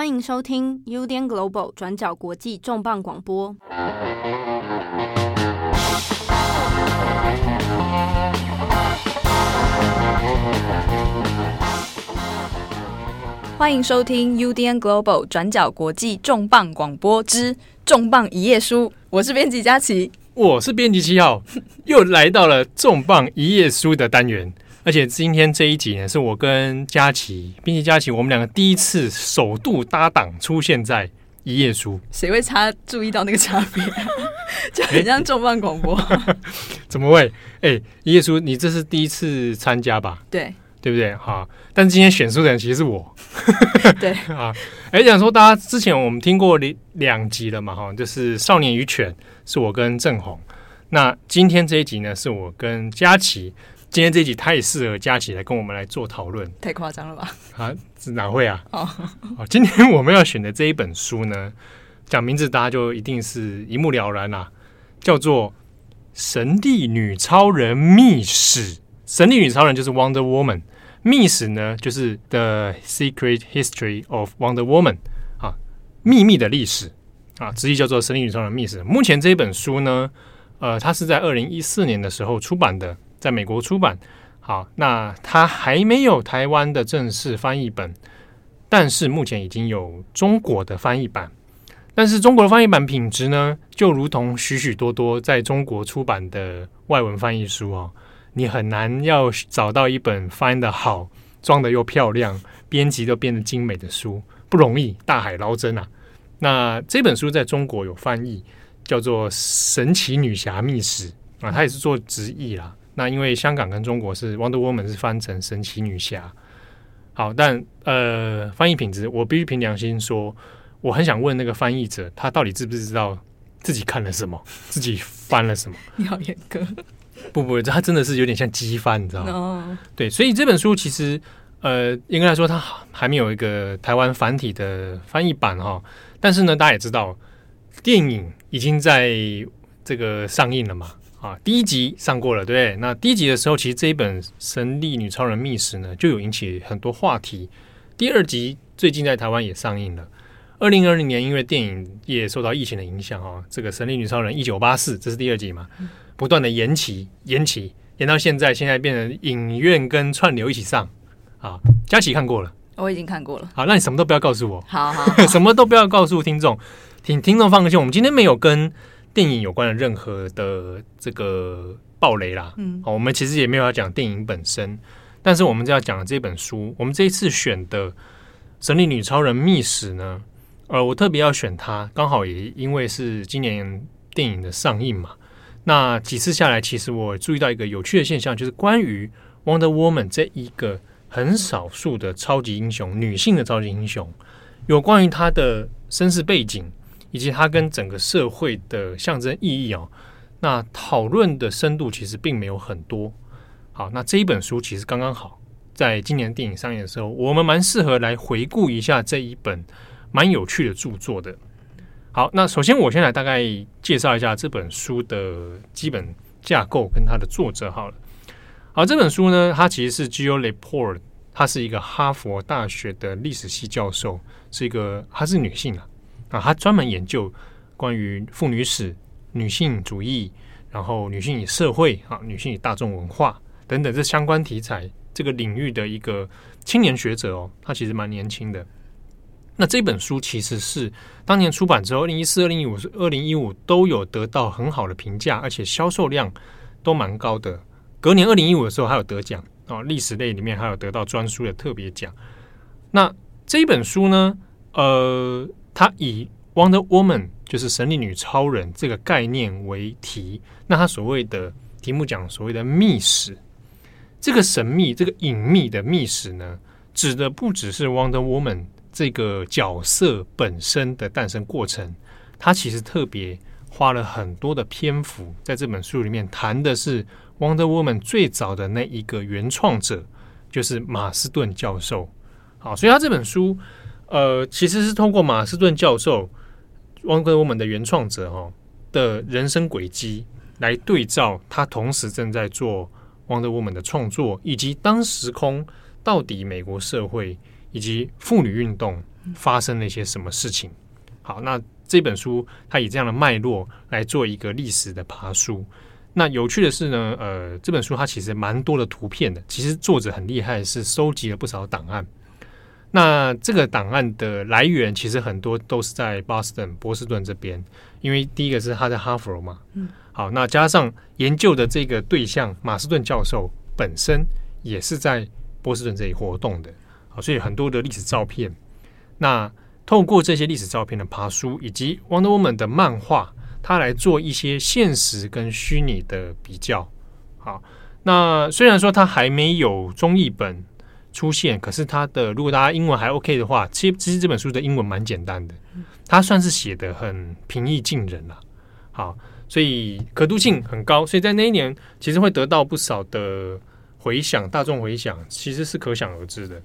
歡迎收聽 UDN Global 轉角國際重磅廣播。歡迎收聽 UDN Global 轉角國際重磅廣播之重磅一頁書。我是編輯佳琦，我是編輯七號，又來到了重磅一頁書的單元。而且今天這一集呢，是我跟佳琦，並且佳琦我們兩個第一次首度搭檔出現在一頁書，誰會差注意到那個差別、啊？ 就很像、欸、重磅廣播，怎麼會？哎、欸，一頁書，你這是第一次參加吧？對，對不對？哈，但是今天選書的人其實是我， 對啊。哎、欸，想說大家之前我們聽過兩兩集了嘛，哈，就是《少年與犬》是我跟鄭紅，那今天這一集呢，是我跟佳琦。今天這一集太適合佳琦跟我們來做討論，太誇張了吧？啊，是哪會啊？哦、oh. 啊，今天我們要選的這一本書呢，講名字大家就一定是一目了然啦、啊，叫做《神力女超人秘史》。神力女超人就是 Wonder Woman，秘史呢就是 The Secret History of Wonder Woman 啊，秘密的歷史啊，直譯叫做《神力女超人秘史》。目前這一本書呢，呃，它是在二零一四年的時候出版的。在美國出版，好，那它還沒有台灣的正式翻譯本，但是目前已經有中國的翻譯版，但是中國的翻譯版品質呢，就如同許許多多在中國出版的外文翻譯書哦。你很難要找到一本翻得好、裝得又漂亮、編輯都編得精美的書，不容易大海撈針啊。那這本書在中國有翻譯，叫做《神奇女俠秘史》啊，它也是做直譯啦。那因為香港跟中國是 Wonder Woman 是翻成神奇女俠，好，但呃，翻譯品質我必須憑良心說，我很想問那個翻譯者，他到底知不知，知道自己看了什麼，自己翻了什麼？你好嚴格，不不，他真的是有點像機翻，你知道嗎？No. 對，所以這本書其實呃，應該來說它還沒有一個台灣繁體的翻譯版哈、哦，但是呢，大家也知道電影已經在這個上映了嘛。啊，第一集上過了，對不對？那第一集的時候，其實這一本《神力女超人秘史》呢，就有引起很多話題。第二集最近在台灣也上映了。二零二零年，因為電影業受到疫情的影響，哈、啊，這個《神力女超人》一九八四，這是第二集嘛，不斷的延期，延期，延到現在，現在變成影院跟串流一起上。啊，佳琪看過了，我已經看過了。好，那你什麼都不要告訴我。好,好，好 什麼都不要告訴聽眾，請聽,聽眾放心，我們今天沒有跟。電影有關的任何的這個爆雷啦，嗯，好，我們其實也沒有要講電影本身，但是我們就要講這本書。我們這一次選的《神力女超人秘史》呢，呃，我特別要選她，剛好也因為是今年電影的上映嘛。那幾次下來，其實我注意到一個有趣的現象，就是關於 Wonder Woman 這一個很少數的超級英雄，女性的超級英雄，有關於她的身世背景。以及它跟整個社會的象徵意義啊、哦，那討論的深度其實並沒有很多。好，那這一本書其實剛剛好在今年電影上映的時候，我們蠻適合來回顧一下這一本蠻有趣的著作的。好，那首先我先來大概介紹一下這本書的基本架構跟它的作者好了。好，這本書呢，它其實是 Jill Lepore，它是一個哈佛大學的歷史系教授，是一個她是女性啊。啊，他專門研究關於婦女史、女性主義，然後女性與社會啊，女性與大眾文化等等這相關題材，這個領域的一個青年學者哦，他其實蠻年輕的。那這本書其實是當年出版之後，二零一四、二零一五、是二零一五都有得到很好的評價，而且銷售量都蠻高的。隔年二零一五的時候，還有得獎啊，歷史類裡面還有得到專書的特別獎。那這一本書呢，呃。他以《Wonder Woman》就是神力女超人這個概念為題，那他所謂的題目講所謂的秘史，這個神秘、這個隱秘的秘史呢，指的不只是《Wonder Woman》這個角色本身的誕生過程，他其實特別花了很多的篇幅在這本書裡面談的是《Wonder Woman》最早的那一個原創者，就是馬斯頓教授。好，所以他這本書。呃，其實是通過馬斯頓教授《Wonder Woman》的原創者哦的人生軌跡來對照他同時正在做《Wonder Woman》的創作，以及當時空到底美國社會以及婦女運動發生了一些什麼事情。好，那這本書它以這樣的脈絡來做一個歷史的爬梳。那有趣的是呢，呃，這本書它其實蠻多的圖片的，其實作者很厲害，是收集了不少檔案。那這個檔案的來源其實很多都是在 Boston，波士頓這邊，因為第一個是他在哈佛嘛、嗯，好，那加上研究的這個對象馬斯頓教授本身也是在波士頓這裡活動的，好，所以很多的歷史照片，那透過這些歷史照片的爬梳以及 Wonder Woman 的漫畫，他來做一些現實跟虛擬的比較，好，那雖然說他還沒有中譯本出現，可是它的如果大家英文還 OK 的話，其實其實這本書的英文蠻簡單的，它算是寫得很平易近人了、啊，好，所以可讀性很高，所以在那一年其實會得到不少的回響，大眾回響其實是可想而知的。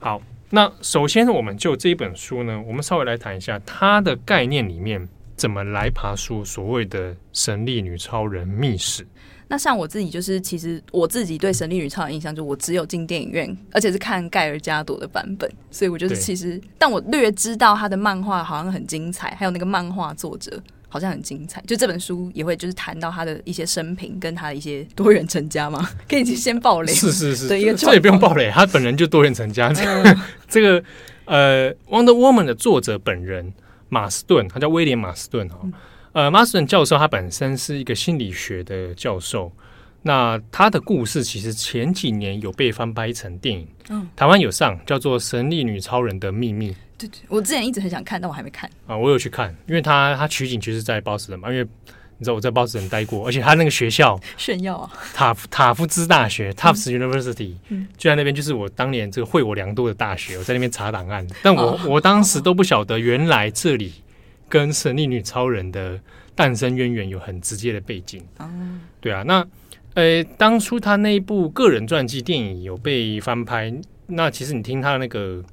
好，那首先我們就這一本書呢，我們稍微來談一下它的概念裡面怎麼來爬梳，所謂的神力女超人秘史。那像我自己就是，其實我自己對《神力女超人》印象就是我只有進電影院，而且是看蓋爾加朵的版本，所以我就是其實，但我略知道他的漫畫好像很精彩，還有那個漫畫作者好像很精彩，就這本書也會就是談到他的一些生平跟他的一些多元成家嘛， 可以去先爆雷。 是是是，是， 這也不用爆雷，他本人就多元成家。哎、 這個呃，《Wonder Woman》的作者本人馬斯頓，他叫威廉馬斯頓呃馬斯頓教授他本身是一個心理學的教授。那他的故事其實前幾年有被翻拍成電影，嗯，台灣有上，叫做《神力女超人的秘密》。對對，我之前一直很想看，但我還沒看。啊、呃，我有去看，因為他他取景其實在 Boston 嘛，因為你知道我在 Boston 待過，而且他那個學校炫耀啊，塔塔夫茲大學 Tufts University） 就在那邊，就是我當年這個惠我良多的大學，我在那邊查檔案，但我我，我當時都不曉得原來這裡。跟《神力女超人》的誕生淵源，源有很直接的背景。嗯、對啊，那，呃、欸，當初他那一部個人傳記電影有被翻拍，那其實你聽他的那個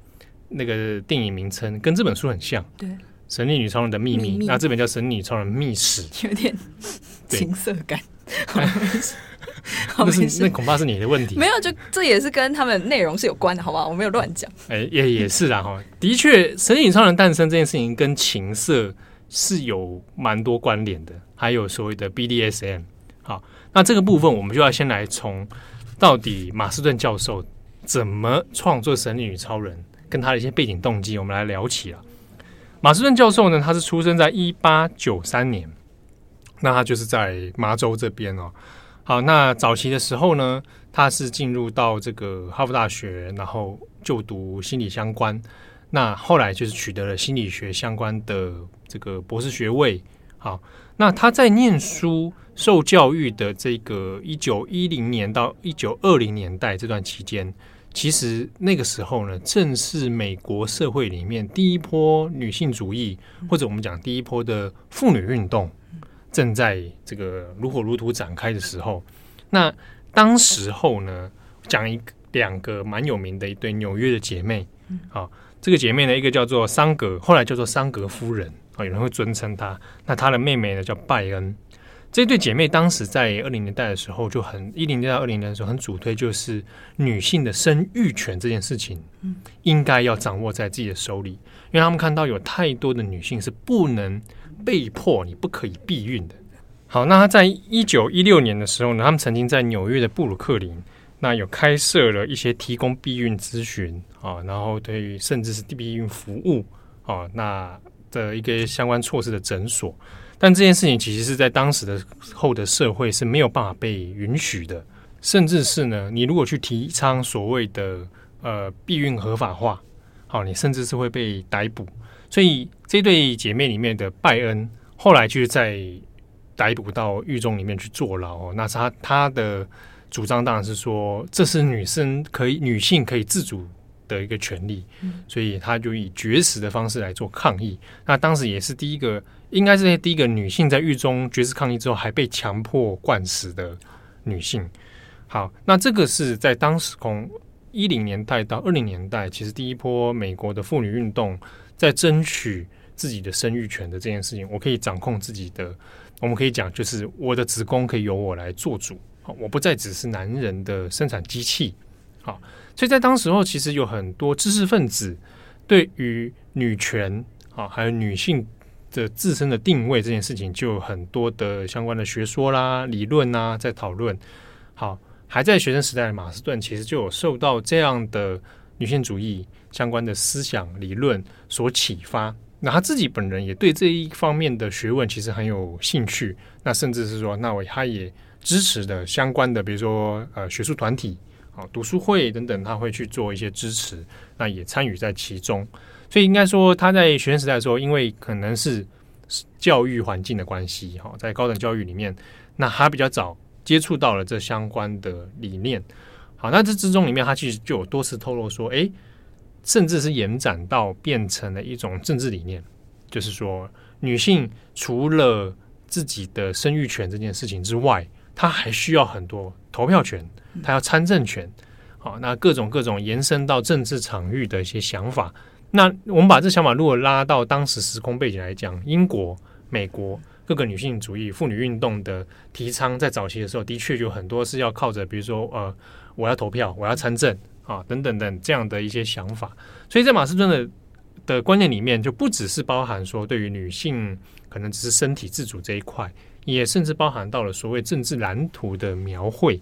那個電影名稱跟這本書很像。對，《神力女超人的秘密》秘密，那這本叫《神力女超人秘史》，有點情色感。 那是那恐怕是你的問題， 沒有，就這也是跟他們內容是有關的，好不好？我沒有亂講。哎、 欸，也也是啦。哈，的確，《神力女超人》誕生這件事情跟情色是有蠻多關聯的，還有所謂的 BDSM。好，那這個部分我們就要先來從到底馬斯頓教授怎麼創作《神力女超人》跟他的一些背景動機，我們來聊起了。馬斯頓教授呢，他是出生在一八九三年，那他就是在麻州這邊哦。好，那早期的時候呢，他是進入到這個哈佛大學，然後就讀心理相關。那後來就是取得了心理學相關的這個博士學位。好，那他在念書、受教育的這個一九一零年到一九二零年代這段期間，其實那個時候呢，正是美國社會裡面第一波女性主義，或者我們講第一波的婦女運動。正在這個如火如荼展開的時候，那當時候呢，講一兩個蠻有名的一對紐約的姐妹，啊、嗯哦，這個姐妹呢，一個叫做桑格，後來叫做桑格夫人啊、哦，有人會尊稱她。那她的妹妹呢叫拜恩，這對姐妹當時在二零年代的時候就很一零年代二零年代時候很主推，就是女性的生育權這件事情，嗯，應該要掌握在自己的手裡，因為他們看到有太多的女性是不能。被迫，你不可以避孕的。好，那他在一九一六年的時候呢，他們曾經在紐約的布魯克林那有開設了一些提供避孕諮詢啊，然後對於甚至是避孕服務啊，那的一個相關措施的診所。但這件事情其實是在當時的後的社會是沒有辦法被允許的，甚至是呢，你如果去提倡所謂的呃避孕合法化，好，啊，你甚至是會被逮捕。所以這對姐妹裡面的拜恩後來就是在逮捕到獄中裡面去坐牢。哦，那是他他的主張當然是說，這是女生可以女性可以自主的一個權利。嗯、所以她就以絕食的方式來做抗議。那當時也是第一個，應該是第一個女性在獄中絕食抗議之後還被強迫灌食的女性。好，那這個是在當時從一零年代到二零年代，其實第一波美國的婦女運動。在爭取自己的生育權的這件事情，我可以掌控自己的。我們可以講，就是我的子宮可以由我來做主，好，我不再只是男人的生產機器，好，所以在當時候，其實有很多知識分子對於女權啊，還有女性的自身的定位這件事情，就有很多的相關的學說啦、理論啦、啊，在討論。好，還在學生時代的馬斯頓，其實就有受到這樣的女性主義。相關的思想理論所啟發，那他自己本人也對這一方面的學問其實很有興趣。那甚至是說，那我也他也支持的相關的，比如說呃學術團體啊、讀書會等等，他會去做一些支持，那也參與在其中。所以應該說他在學生時代的時候，因為可能是教育環境的關係，哈、哦，在高等教育裡面，那他比較早接觸到了這相關的理念。好，那這之中裡面，他其實就有多次透露說，誒……甚至是延展到變成了一種政治理念，就是說，女性除了自己的生育權這件事情之外，她還需要很多投票權，她要參政權，好，那各種各種延伸到政治場域的一些想法。那我們把這想法如果拉到當時時空背景來講，英國、美國各個女性主義、婦女運動的提倡，在早期的時候，的確有很多是要靠着，比如說，呃，我要投票，我要參政。啊，等等等，這樣的一些想法，所以在馬斯頓的的觀念裡面，就不只是包含說對於女性可能只是身體自主這一塊，也甚至包含到了所謂政治藍圖的描繪。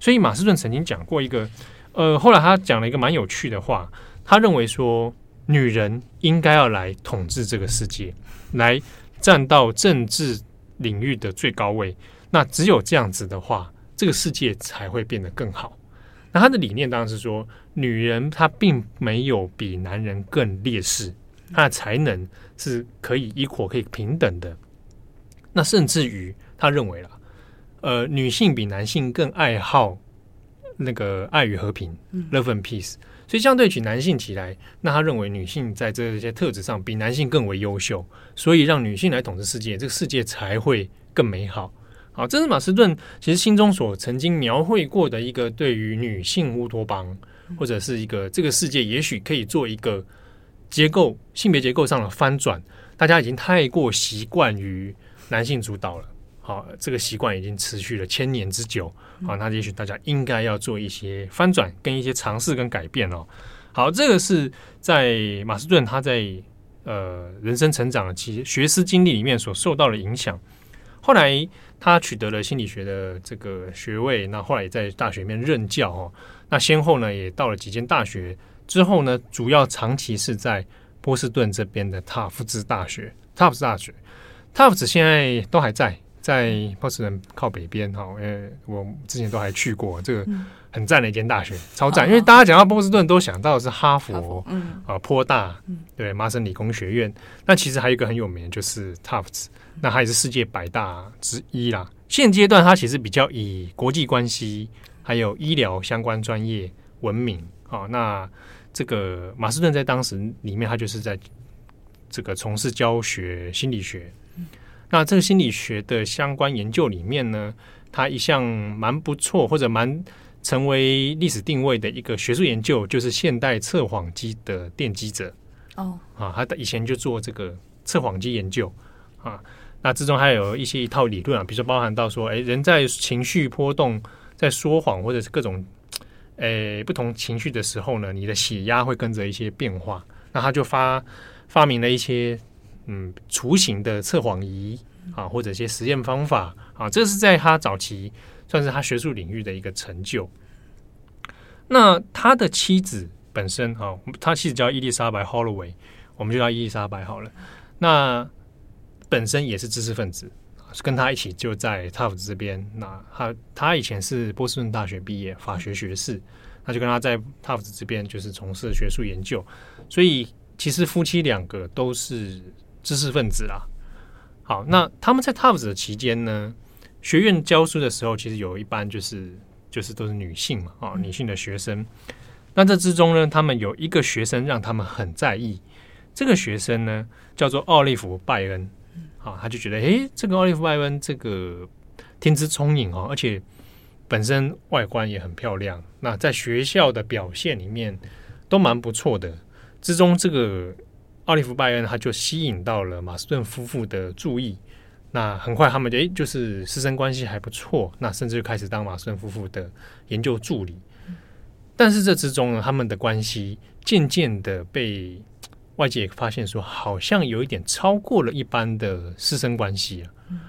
所以馬斯頓曾經講過一個，呃，後來他講了一個蠻有趣的話，他認為說女人應該要來統治這個世界，來站到政治領域的最高位，那只有這樣子的話，這個世界才會變得更好。那他的理念當然是說，女人她並沒有比男人更劣勢，她的才能是可以 equal 可以平等的。那甚至於，他認為了，呃，女性比男性更愛好那個愛與和平 （love and peace）。嗯。所以，相對起男性起來，那他認為女性在這些特質上比男性更為優秀，所以讓女性來統治世界，這個世界才會更美好。啊，這是馬斯頓其實心中所曾經描繪過的一個對於女性烏托邦，或者是一個這個世界也許可以做一個結構性別結構上的翻轉。大家已經太過習慣於男性主導了，好，這個習慣已經持續了千年之久。好、嗯啊，那也許大家應該要做一些翻轉跟一些嘗試跟改變哦。好，這個是在馬斯頓他在呃人生成長的學思經歷裡面所受到的影響。後來。他取得了心理學的這個學位，那後來也在大學裡面任教哈、哦。那先後呢也到了幾間大學，之後呢主要長期是在波士頓這邊的塔夫茲大學。塔夫茲大學，塔夫茲現在都還在在波士頓靠北邊哈、哦。呃，我之前都還去過、嗯，這個很讚的一間大學，超讚。好好因為大家講到波士頓都想到是哈佛，啊，嗯呃、波大，對，麻省理工學院。那、嗯、其實還有一個很有名的就是塔夫茲那還是世界百大之一啦。現階段，他其實比較以國際關係還有醫療相關專業聞名啊。那這個馬斯頓在當時裡面，他就是在這個從事教學心理學。那這個心理學的相關研究裡面呢，他一項蠻不錯或者蠻成為歷史定位的一個學術研究，就是現代測謊機的奠基者哦。啊，他以前就做這個測謊機研究啊。那之中還有一些一套理論啊，比如說包含到說，哎，人在情緒波動、在說謊或者是各種，誒、呃、不同情緒的時候呢，你的血壓會跟着一些變化。那他就發發明了一些嗯雛形的測謊儀啊，或者一些實驗方法啊，這是在他早期算是他學術領域的一個成就。那他的妻子本身啊，他妻子叫伊麗莎白 Holloway，我們就叫伊麗莎白好了。那本身也是知識分子，跟他一起就在 Tufts 這邊。那他他以前是波士頓大學畢業，法學學士，那就跟他在 Tufts 這邊就是從事學術研究。所以其實夫妻兩個都是知識分子啊。好，那他們在 Tufts 的期間呢，學院教書的時候，其實有一班就是就是都是女性嘛，哦，女性的學生。那這之中呢，他們有一個學生讓他們很在意，這個學生呢叫做奧利弗·拜恩。啊，他就覺得，誒，這個奧利弗·拜恩這個天資聰穎啊、哦，而且本身外觀也很漂亮。那在學校的表現裡面都蠻不錯的。之中，這個奧利弗·拜恩他就吸引到了馬斯頓夫婦的注意。那很快，他們就誒，就是師生關係還不錯。那甚至就開始當馬斯頓夫婦的研究助理。但是這之中呢，他們的關係漸漸的被外界也發現說，好像有一點超過了一般的師生關係，啊嗯、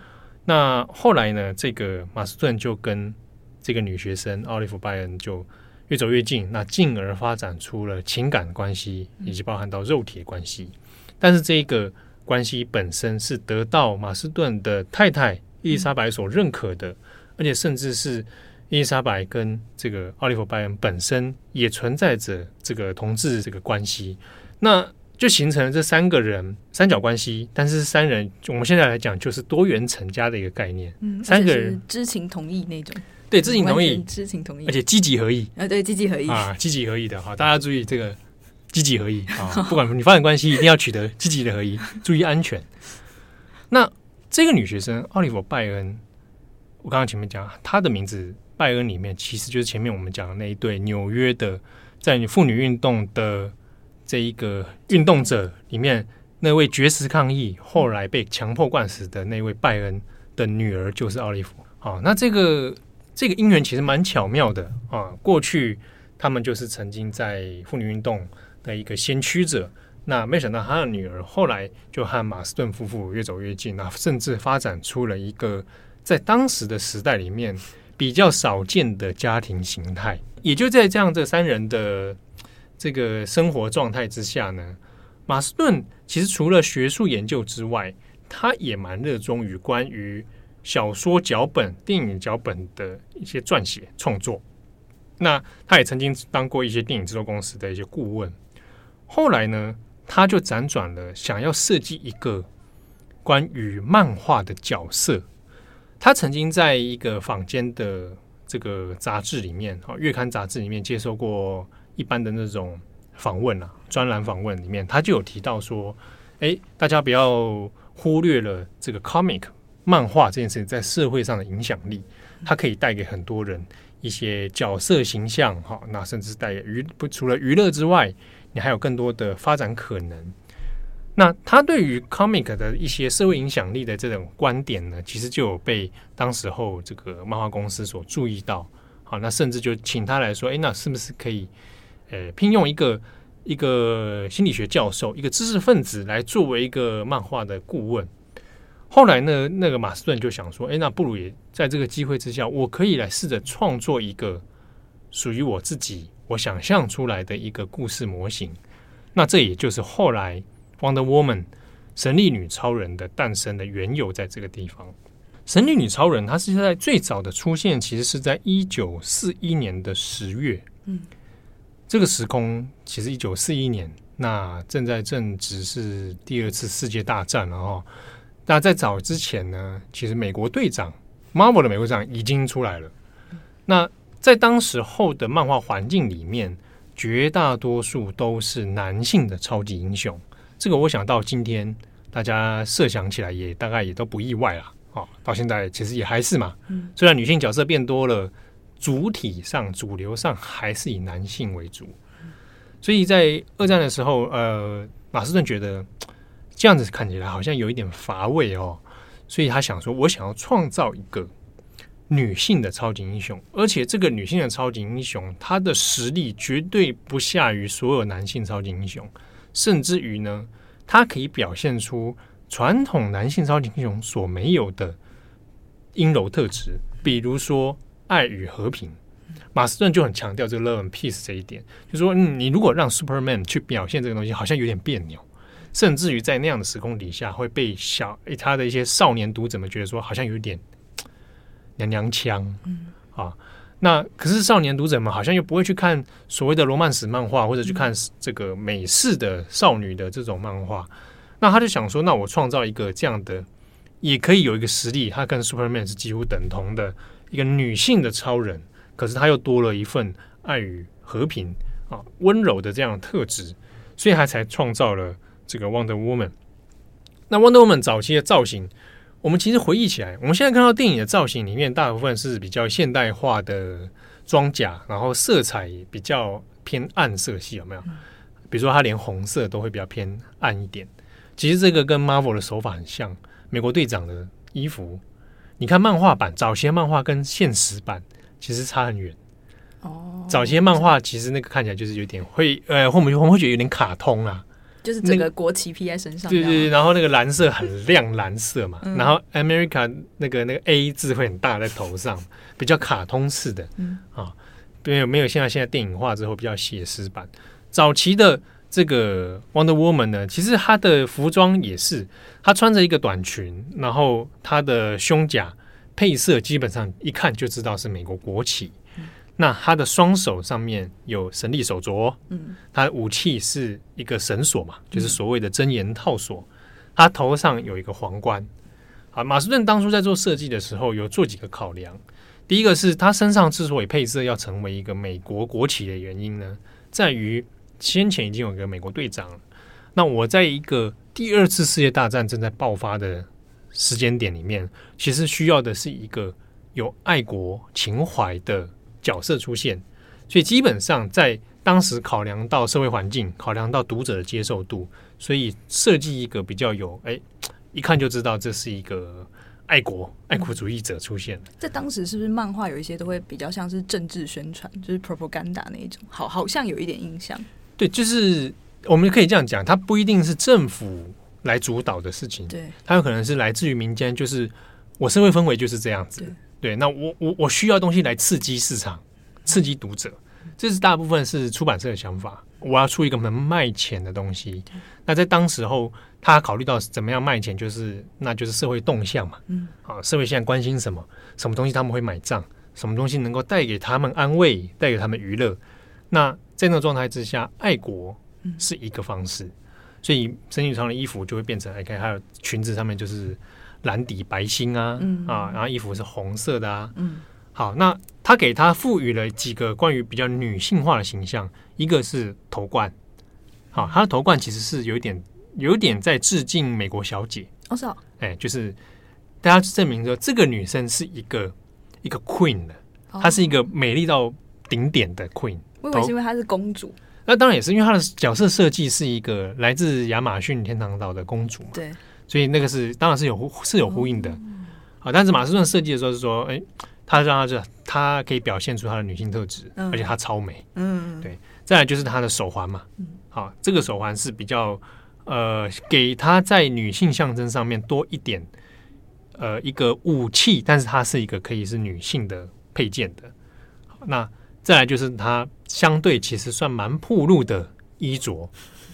那後來呢，這個馬斯頓就跟這個女學生奧利弗·拜恩就越走越近，那進而發展出了情感關係，以及包含到肉體的關係，嗯。但是，這一個關係本身是得到馬斯頓的太太伊麗莎白所認可的，嗯、而且甚至是伊麗莎白跟這個奧利弗·拜恩本身也存在着這個同志這個關係。那就形成了這三個人三角關係，但是三人我們現在來講就是多元成家的一個概念。嗯，三個人知情同意那種。對，知情同意，知情同意，而且積極合意啊，對，積極合意啊，積極合意的哈，大家注意這個積極合意啊， 不管你發展關係一定要取得積極的合意， 注意安全。那這個女學生奧利弗·拜恩，我剛剛前面講她的名字拜恩裡面，其實就是前面我們講的那一對紐約的在婦女運動的。這一個運動者裡面，那位絕食抗議後來被強迫灌食的那位拜恩的女兒就是奧利弗。啊、那這個這個因緣其實蠻巧妙的啊。過去他們就是曾經在婦女運動的一個先驅者，那沒想到他的女兒後來就和馬斯頓夫婦越走越近，啊、甚至發展出了一個在當時的時代裡面比較少見的家庭形態。也就在這樣，這三人的。這個生活狀態之下呢，馬斯頓其實除了學術研究之外，他也蠻熱衷於關於小說腳本、電影腳本的一些撰寫創作。那他也曾經當過一些電影製作公司的一些顧問。後來呢，他就輾轉了，想要設計一個關於漫畫的角色。他曾經在一個坊間的這個雜誌裡面啊，月刊雜誌裡面接受過。一般的那種訪問啊，專欄訪問裡面，他就有提到說：“誒，大家不要忽略了這個 comic 漫畫這件事情在社會上的影響力，它可以帶給很多人一些角色形象哈，那甚至帶娛不除了娛樂之外，你還有更多的發展可能，那他對於 comic 的一些社會影響力的這種觀點呢，其實就有被當時候這個漫畫公司所注意到。好，那甚至就請他來說：誒，那是不是可以？”誒，聘用一個一個心理學教授，一個知識分子來作為一個漫畫的顧問。後來呢，那個馬斯頓就想說：“誒，那不如也在這個機會之下，我可以來試着創作一個屬於我自己、我想象出來的一個故事模型。”那這也就是後來《Wonder Woman》神力女超人的誕生的緣由，在這個地方，《神力女超人》它是現在最早的出現，其實是在一九四一年的十月。嗯。這個時空其實一九四一年，那正在正值是第二次世界大戰了、哦、哈。那在早之前呢，其實美國隊長，Marvel 的美國隊長已經出來了。那在當時候的漫畫環境裡面，絕大多數都是男性的超級英雄。這個我想到今天大家設想起來也，也大概也都不意外了哦，到現在其實也還是嘛，雖然女性角色變多了。主體上、主流上還是以男性為主，所以在二戰的時候，呃，馬斯頓覺得這樣子看起來好像有一點乏味哦，所以他想說，我想要創造一個女性的超級英雄，而且這個女性的超級英雄她的實力絕對不下於所有男性超級英雄，甚至於呢，她可以表現出傳統男性超級英雄所沒有的陰柔特質，比如說。愛與和平，馬斯頓就很強調這個 “love and peace” 這一點，就說、嗯、你如果讓 Superman 去表現這個東西，好像有點彆扭，甚至於在那樣的時空底下會被小誒、欸、他的一些少年讀者們覺得說好像有點娘娘腔，嗯啊。嗯，那可是少年讀者們好像又不會去看所謂的羅曼史漫畫，或者去看這個美式的少女的這種漫畫、嗯。那他就想說，那我創造一個這樣的，也可以有一個實力，他跟 Superman 是幾乎等同的。嗯一個女性的超人，可是她又多了一份愛與和平啊，溫柔的這樣的特質，所以她才創造了這個 Wonder Woman。那 Wonder Woman 早期的造型，我們其實回憶起來，我們現在看到電影的造型裡面，大部分是比較現代化的裝甲，然後色彩比較偏暗色系，有沒有？比如說，它連紅色都會比較偏暗一點。其實這個跟 Marvel 的手法很像，美國隊長的衣服。你看漫畫版，早期的漫畫跟現實版其實差很遠。哦，早期的漫畫其實那個看起來就是有點會，呃，我們我們會覺得有點卡通啊，就是整個國旗披在身上。對對對，然後那個藍色很亮藍色嘛， 嗯、然後 America 那個那個 A 字會很大在頭上， 比較卡通式的、嗯、啊，沒有沒有現在現在電影化之後比較寫實版，早期的。這個 Wonder Woman 呢，其實她的服裝也是，她穿着一個短裙，然後她的胸甲配色基本上一看就知道是美國國旗、嗯。那她的雙手上面有神力手鐲，嗯，她的武器是一個繩索嘛，就是所謂的真言套索、嗯。她頭上有一個皇冠。好，馬斯頓當初在做設計的時候有做幾個考量，第一個是她身上之所以配色要成為一個美國國旗的原因呢，在於。先前已經有一個美國隊長了，那我在一個第二次世界大戰正在爆發的時間點裡面，其實需要的是一個有愛國情懷的角色出現，所以基本上在當時考量到社會環境，考量到讀者的接受度，所以設計一個比較有哎，一看就知道這是一個愛國愛國主義者出現。在當時是不是漫畫有一些都會比較像是政治宣傳，就是 propaganda 那一種？好，好像有一點印象。對，就是我們可以這樣講，它不一定是政府來主導的事情，對，它有可能是來自於民間。就是我社會氛圍就是這樣子，對，對，那我我我需要東西來刺激市場，刺激讀者。嗯，這是大部分是出版社的想法。我要出一個能賣錢的東西。那在當時候，他考慮到怎麼樣賣錢，就是那就是社會動向嘛，嗯，啊，社會現在關心什麼，什麼東西他們會買賬，什麼東西能夠帶給他們安慰，帶給他們娛樂。那在那個狀態之下，愛國是一個方式、嗯，所以身體上的衣服就會變成 OK 還、嗯、有裙子上面就是藍底白星啊、嗯，啊，然後衣服是紅色的啊。嗯、好，那他給他賦予了幾個關於比較女性化的形象，一個是頭冠，好、啊，他的頭冠其實是有點有點在致敬美國小姐，哦，是哦，哎、欸，就是大家證明說這個女生是一個一個 queen 的、哦，她是一個美麗到頂點的 queen。因為她是公主，那當然也是因為她的角色設計是一個來自亞馬遜天堂島的公主嘛，對，所以那個是當然是有呼是有呼應的、嗯，好，但是馬斯頓設計的時候是說，哎、欸，他讓他這，他可以表現出他的女性特質、嗯，而且他超美，嗯，嗯，嗯，對，再來就是他的手環嘛，好，這個手環是比較呃，給他在女性象徵上面多一點，呃，一個武器，但是它是一個可以是女性的配件的，那。再來就是他相對其實算蠻暴露的衣着，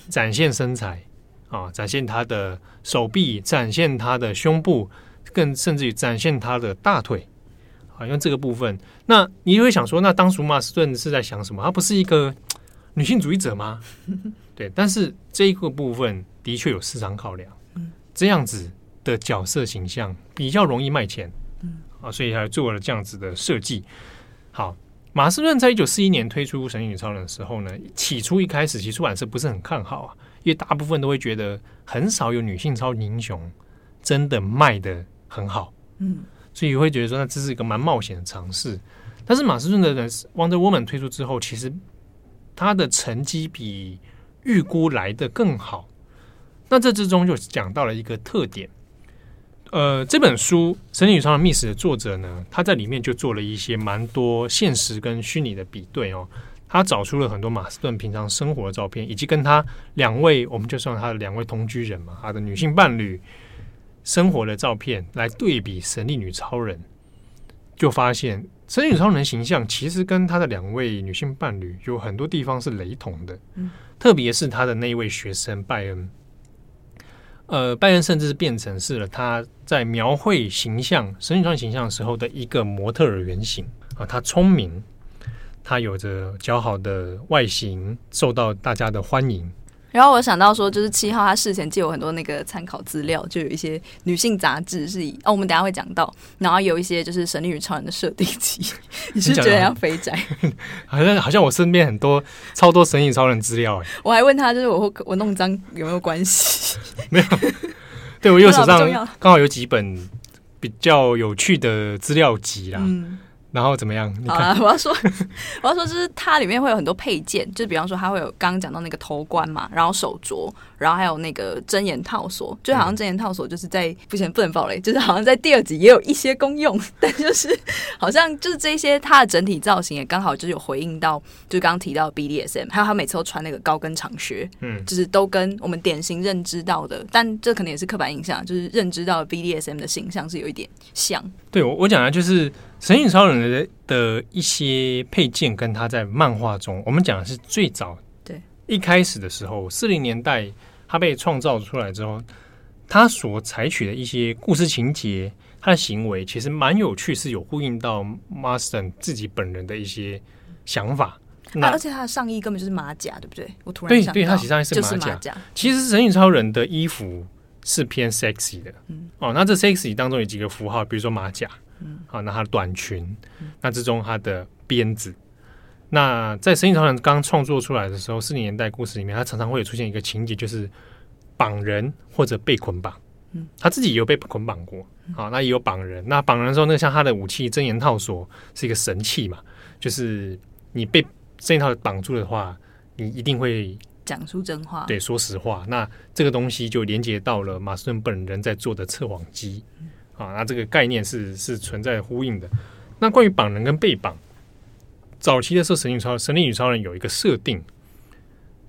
展現身材啊、呃，展現他的手臂，展現他的胸部，更甚至於展現他的大腿啊，用這個部分。那你會想說，那當時馬斯頓是在想什麼？他不是一個女性主義者嗎？對，但是這一個部分的確有市場考量，這樣子的角色形象比較容易賣錢，啊，所以才做了這樣子的設計。好。馬斯頓在一九四一年推出《神力女超人》的時候呢，起初一開始，其實出版社不是很看好啊，因為大部分都會覺得很少有女性超級英雄真的賣的很好，嗯，所以會覺得說，那這是一個蠻冒險的嘗試。但是馬斯頓的《Wonder Woman》推出之後，其實他的成績比預估來的更好。那這之中就講到了一個特點。呃，這本書《神力女超人秘史》的作者呢，他在裡面就做了一些蠻多現實跟虛擬的比對哦。他找出了很多馬斯頓平常生活的照片，以及跟他兩位，我們就算他的兩位同居人嘛，他的女性伴侶生活的照片來對比神力女超人，就發現神力女超人的形象其實跟他的兩位女性伴侶有很多地方是雷同的，特別是他的那一位學生拜恩。呃，扮演甚至是變成是了，他在描繪形象、神女形象的時候的一個模特兒原型啊，他聰明，他有着較好的外形，受到大家的歡迎。然後我想到說，就是七號他事前借我很多那個參考資料，就有一些女性雜誌是以哦，我們等下會講到，然後有一些就是《神力女超人》的設定集，你是覺得要肥宅？好像好像我身邊很多超多《神力女超人》資料哎，我還問他，就是我會我，我弄髒有沒有關係？沒有，對我右手上剛好有幾本比較有趣的資料集啦。嗯然後怎麼樣？啊，我要說， 我要說，就是它裡面會有很多配件，就是比方說，它會有剛剛講到那個頭冠嘛，然後手鐲，然後還有那個真言套索，就好像真言套索就是在、嗯、不行不能爆雷，就是好像在第二集也有一些功用，但就是好像就是這些它的整體造型也剛好就是有回應到，就是剛剛提到 BDSM，還有他每次都穿那個高跟長靴，嗯，就是都跟我們典型認知到的，但這可能也是刻板印象，就是認知到的 BDSM 的形象是有一點像。對，我我講的就是。神影超人的的一些配件跟他在漫畫中，我們講的是最早，對一開始的時候，四零年代他被創造出來之後，他所採取的一些故事情節，他的行為其實蠻有趣，是有呼應到 Marston 自己本人的一些想法、啊。而且他的上衣根本就是馬甲，對不對？我突然想到，對對他其實上衣是馬甲，就是馬甲，其實神力女超人的衣服是偏 sexy 的、嗯。哦，那這 sexy 當中有幾個符號，比如說馬甲。嗯、好，那他的短裙、嗯，那之中他的鞭子。那在《神力女超人》剛剛創作出來的時候，四零年代故事裡面，他常常會有出現一個情節，就是綁人或者被捆綁。嗯，他自己也有被捆綁過、嗯，好，那也有綁人。那綁人的時候，那像他的武器真言套索是一個神器嘛，就是你被真言套索綁住的話，你一定會講出真話，對，說實話。那這個東西就連接到了馬斯頓本人在做的測謊機。嗯啊，那這個概念是是存在呼應的。那關於綁人跟被綁，早期的時候，神力女超神女超人有一個設定，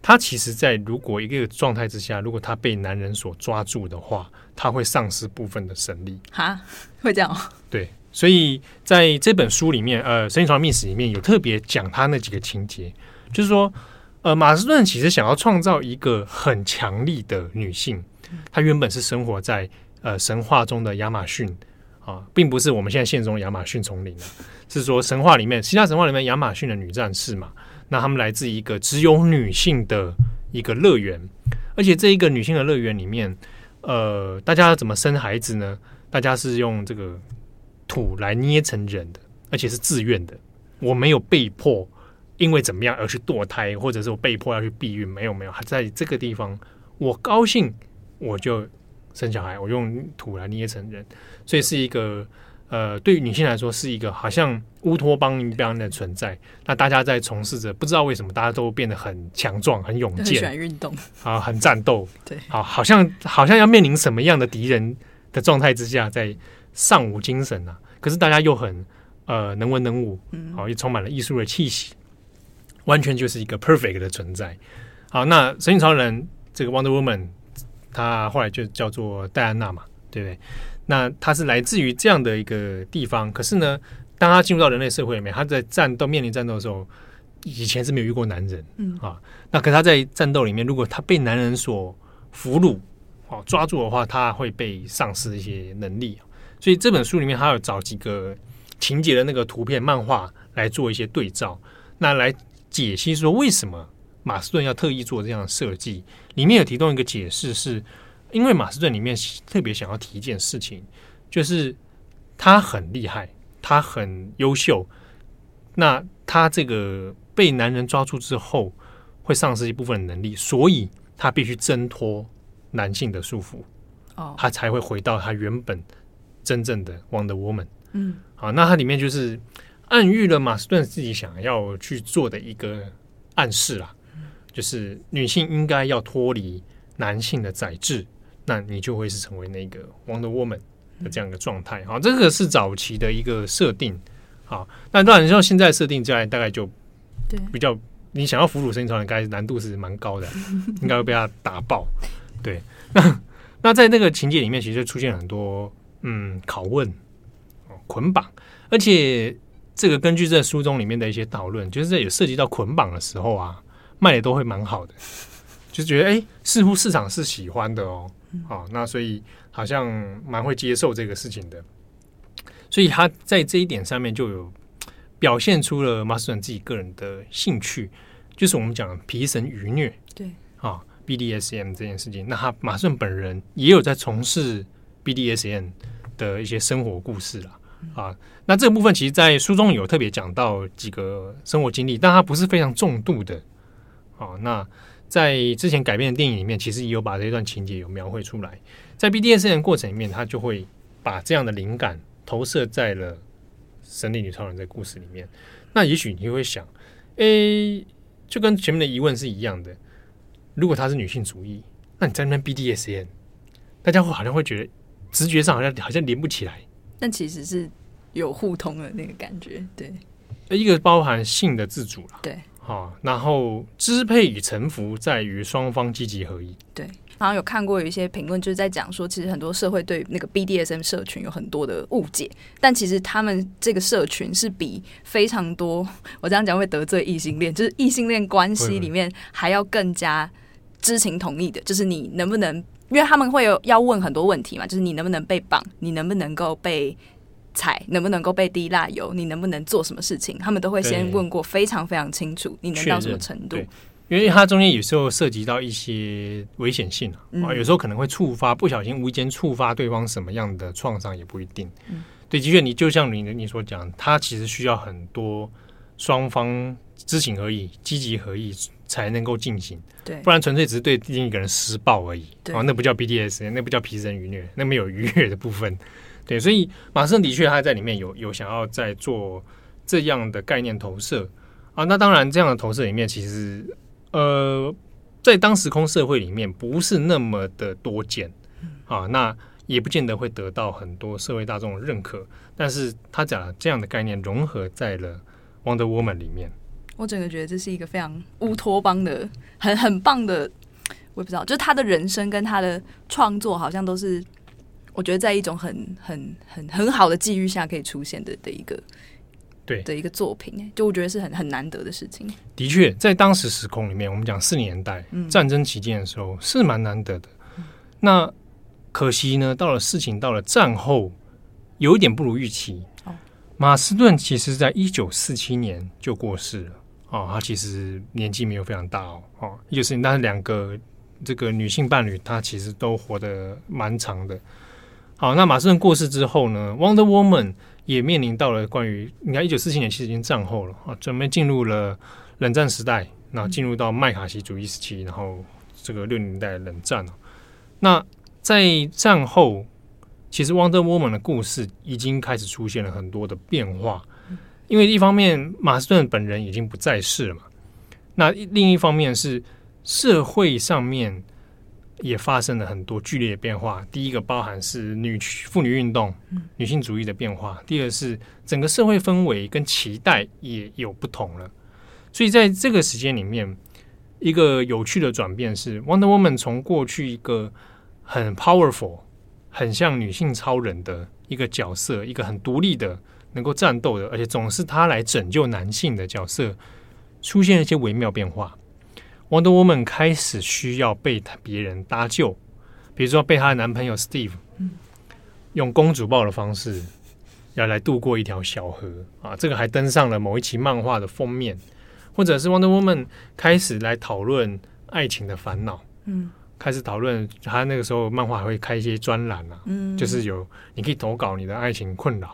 他其實，在如果一個，一個狀態之下，如果他被男人所抓住的話，他會喪失部分的神力。啊，會這樣？對，所以在這本書裡面，呃，《神力女超人》秘史裡面有特別講他那幾個情節，就是說，呃，馬斯頓其實想要創造一個很強力的女性，她原本是生活在。呃，神話中的亞馬遜啊，並不是我們現在現實中的亞馬遜叢林啊，是說神話裡面，希臘神話裡面亞馬遜的女戰士嘛？那她們來自一個只有女性的一個樂園，而且這一個女性的樂園裡面，呃，大家要怎麼生孩子呢？大家是用這個土來捏成人的，而且是自願的。我沒有被迫，因為怎麼樣而去墮胎，或者是我被迫要去避孕，沒有沒有。在這個地方，我高興，我就。生小孩，我用土來捏成人，所以是一個呃，對於女性來說是一個好像烏托邦一樣的存在。那大家在從事着，不知道為什麼，大家都變得很強壯、很勇健，很喜歡運動啊，很戰鬥。好，好像好像要面臨什麼樣的敵人的狀態之下，在尚武精神啊，可是大家又很呃能文能武，好、嗯，又、啊、充滿了藝術的氣息，完全就是一個 perfect 的存在。好，那神奇超人這個 Wonder Woman。他後來就叫做戴安娜嘛，對不對？那他是來自於這樣的一個地方，可是呢，當他進入到人類社會裡面，他在戰鬥、面臨戰鬥的時候，以前是沒有遇過男人，嗯啊，那可他在戰鬥裡面，如果他被男人所俘虜，哦、啊、抓住的話，他會被喪失一些能力。嗯、所以這本書裡面，他有找幾個情節的那個圖片漫畫來做一些對照，那來解析說為什麼。馬斯頓要特意做這樣的設計，裡面有提供一個解釋是，是因為馬斯頓裡面特別想要提一件事情，就是他很厲害，他很優秀。那他這個被男人抓住之後，會喪失一部分的能力，所以他必須掙脫男性的束縛，哦，他才會回到他原本真正的 Wonder Woman。嗯，好，那它裡面就是暗喻了馬斯頓自己想要去做的一個暗示啦。就是女性應該要脫離男性的宰制，那你就會是成為那個 Wonder Woman 的這樣一個狀態。好、嗯哦，這個是早期的一個設定。好、哦，那當然你說現在設定之外，大概就對比較對，你想要俘虜生存的該難度是蠻高的，應該會被他打爆。 對那，那在那個情節裡面，其實就出現很多嗯拷問、捆綁，而且這個根據在書中裡面的一些討論，就是在有涉及到捆綁的時候啊。賣的都會蠻好的，就覺得哎、欸，似乎市場是喜歡的哦，好、嗯啊，那所以好像蠻會接受這個事情的，所以他在這一點上面就有表現出了馬斯頓自己個人的興趣，就是我們講的皮繩愉虐，對啊，BDSM 這件事情，那他馬斯頓本人也有在從事 BDSM 的一些生活故事了、嗯、啊，那這個部分其實，在書中有特別講到幾個生活經歷，但他不是非常重度的。好、哦、那在之前改編的電影裡面，其實也有把這段情節有描繪出來。在 BDSN 過程裡面，他就會把這樣的靈感投射在了《神力女超人》的故事裡面。那也許你會想，哎、欸，就跟前面的疑問是一樣的。如果她是女性主義，那你在那邊 BDSN，大家會好像會覺得直覺上好像好像連不起來。那其實是有互通的那個感覺，對。一個包含性的自主了，對。好，然後支配與臣服在於雙方積極合意。對，然後有看過有一些評論，就是在講說，其實很多社會對那個 BDSM 社群有很多的誤解，但其實他們這個社群是比非常多，我這樣講會得罪異性戀，就是異性戀關係裡面還要更加知情同意的，就是你能不能，因為他們會有要問很多問題嘛，就是你能不能被綁，你能不能夠被。才能不能夠被滴蠟油？你能不能做什麼事情？他們都會先問過，非常非常清楚你能到什麼程度。因為它中間有時候涉及到一些危險性、嗯、啊，有時候可能會觸發不小心無意間觸發對方什麼樣的創傷也不一定。嗯、對，的確，你就像你你所講，他其實需要很多雙方知情合意、積極合意才能夠進行。不然純粹只是對另一個人施暴而已。對，啊、那不叫 BDS，那不叫皮繩愉虐，那沒有愉悅的部分。對，所以馬生的確他在裡面有有想要在做這樣的概念投射啊，那當然這樣的投射裡面其實呃，在當時空社會裡面不是那麼的多見啊，那也不見得會得到很多社會大眾的認可，但是他講了這樣的概念融合在了《Wonder Woman》裡面，我整個覺得這是一個非常烏托邦的、很很棒的，我也不知道，就是他的人生跟他的創作好像都是。我覺得在一種很很很很好的際遇下，可以出現的的一個對的一個作品，就我覺得是很很難得的事情。的確，在當時時空裡面，我們講四十年代、嗯、戰爭期間的時候是蠻難得的、嗯。那可惜呢，到了事情到了戰後，有一點不如預期。哦、馬斯頓其實，在一九四七年就過世了哦，他其實年紀沒有非常大哦。哦，一個事但是那兩個這個女性伴侶，她其實都活得蠻長的。好、啊，那馬斯頓過世之後呢？Wonder Woman 也面臨到了關於，你看，一九四七年其實已經戰後了啊，準備進入了冷戰時代，那進入到麥卡錫主義時期，然後這個六零年代的冷戰。那在戰後，其實 Wonder Woman 的故事已經開始出現了很多的變化，因為一方面馬斯頓本人已經不在世了嘛，那一，另一方面是社會上面。也發生了很多劇烈的變化。第一個包含是女婦女運動、嗯、女性主義的變化；第二是整個社會氛圍跟期待也有不同了。所以在這個時間裡面，一個有趣的轉變是《Wonder Woman》從過去一個很 powerful、很像女性超人的一個角色，一個很獨立的、能夠戰鬥的，而且總是她來拯救男性的角色，出現一些微妙變化。Wonder Woman 開始需要被別人搭救，比如說被她的男朋友 Steve，嗯，用公主抱的方式要來渡過一條小河啊！這個還登上了某一期漫畫的封面，或者是 Wonder Woman 開始來討論愛情的煩惱，嗯，開始討論她那個時候漫畫還會開一些專欄啊，嗯，就是有你可以投稿你的愛情困擾。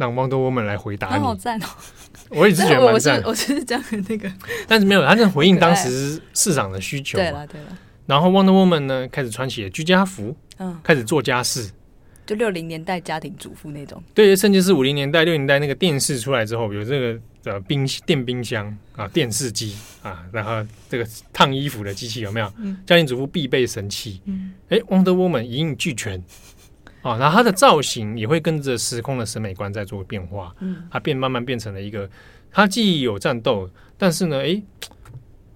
讓 Wonder Woman 來回答。很好讚喔、 我也是覺得蠻讚。我是講的那個，但是沒有，他是回應當時市場的需求。對對然後 Wonder Woman 呢開始穿起了居家服，嗯，開始做家事，就六零年代家庭主婦那種。對，甚至是五零年代、六零年代那個電視出來之後，有這個呃冰電冰箱啊、電視機啊，然後這個燙衣服的機器,、啊、的機器有沒有？嗯，家庭主婦必備神器。嗯，誒，Wonder Woman 一應俱全。哦，那它的造型也會跟着時空的審美觀在做變化，它變慢慢變成了一個，它既有戰鬥，但是呢，誒，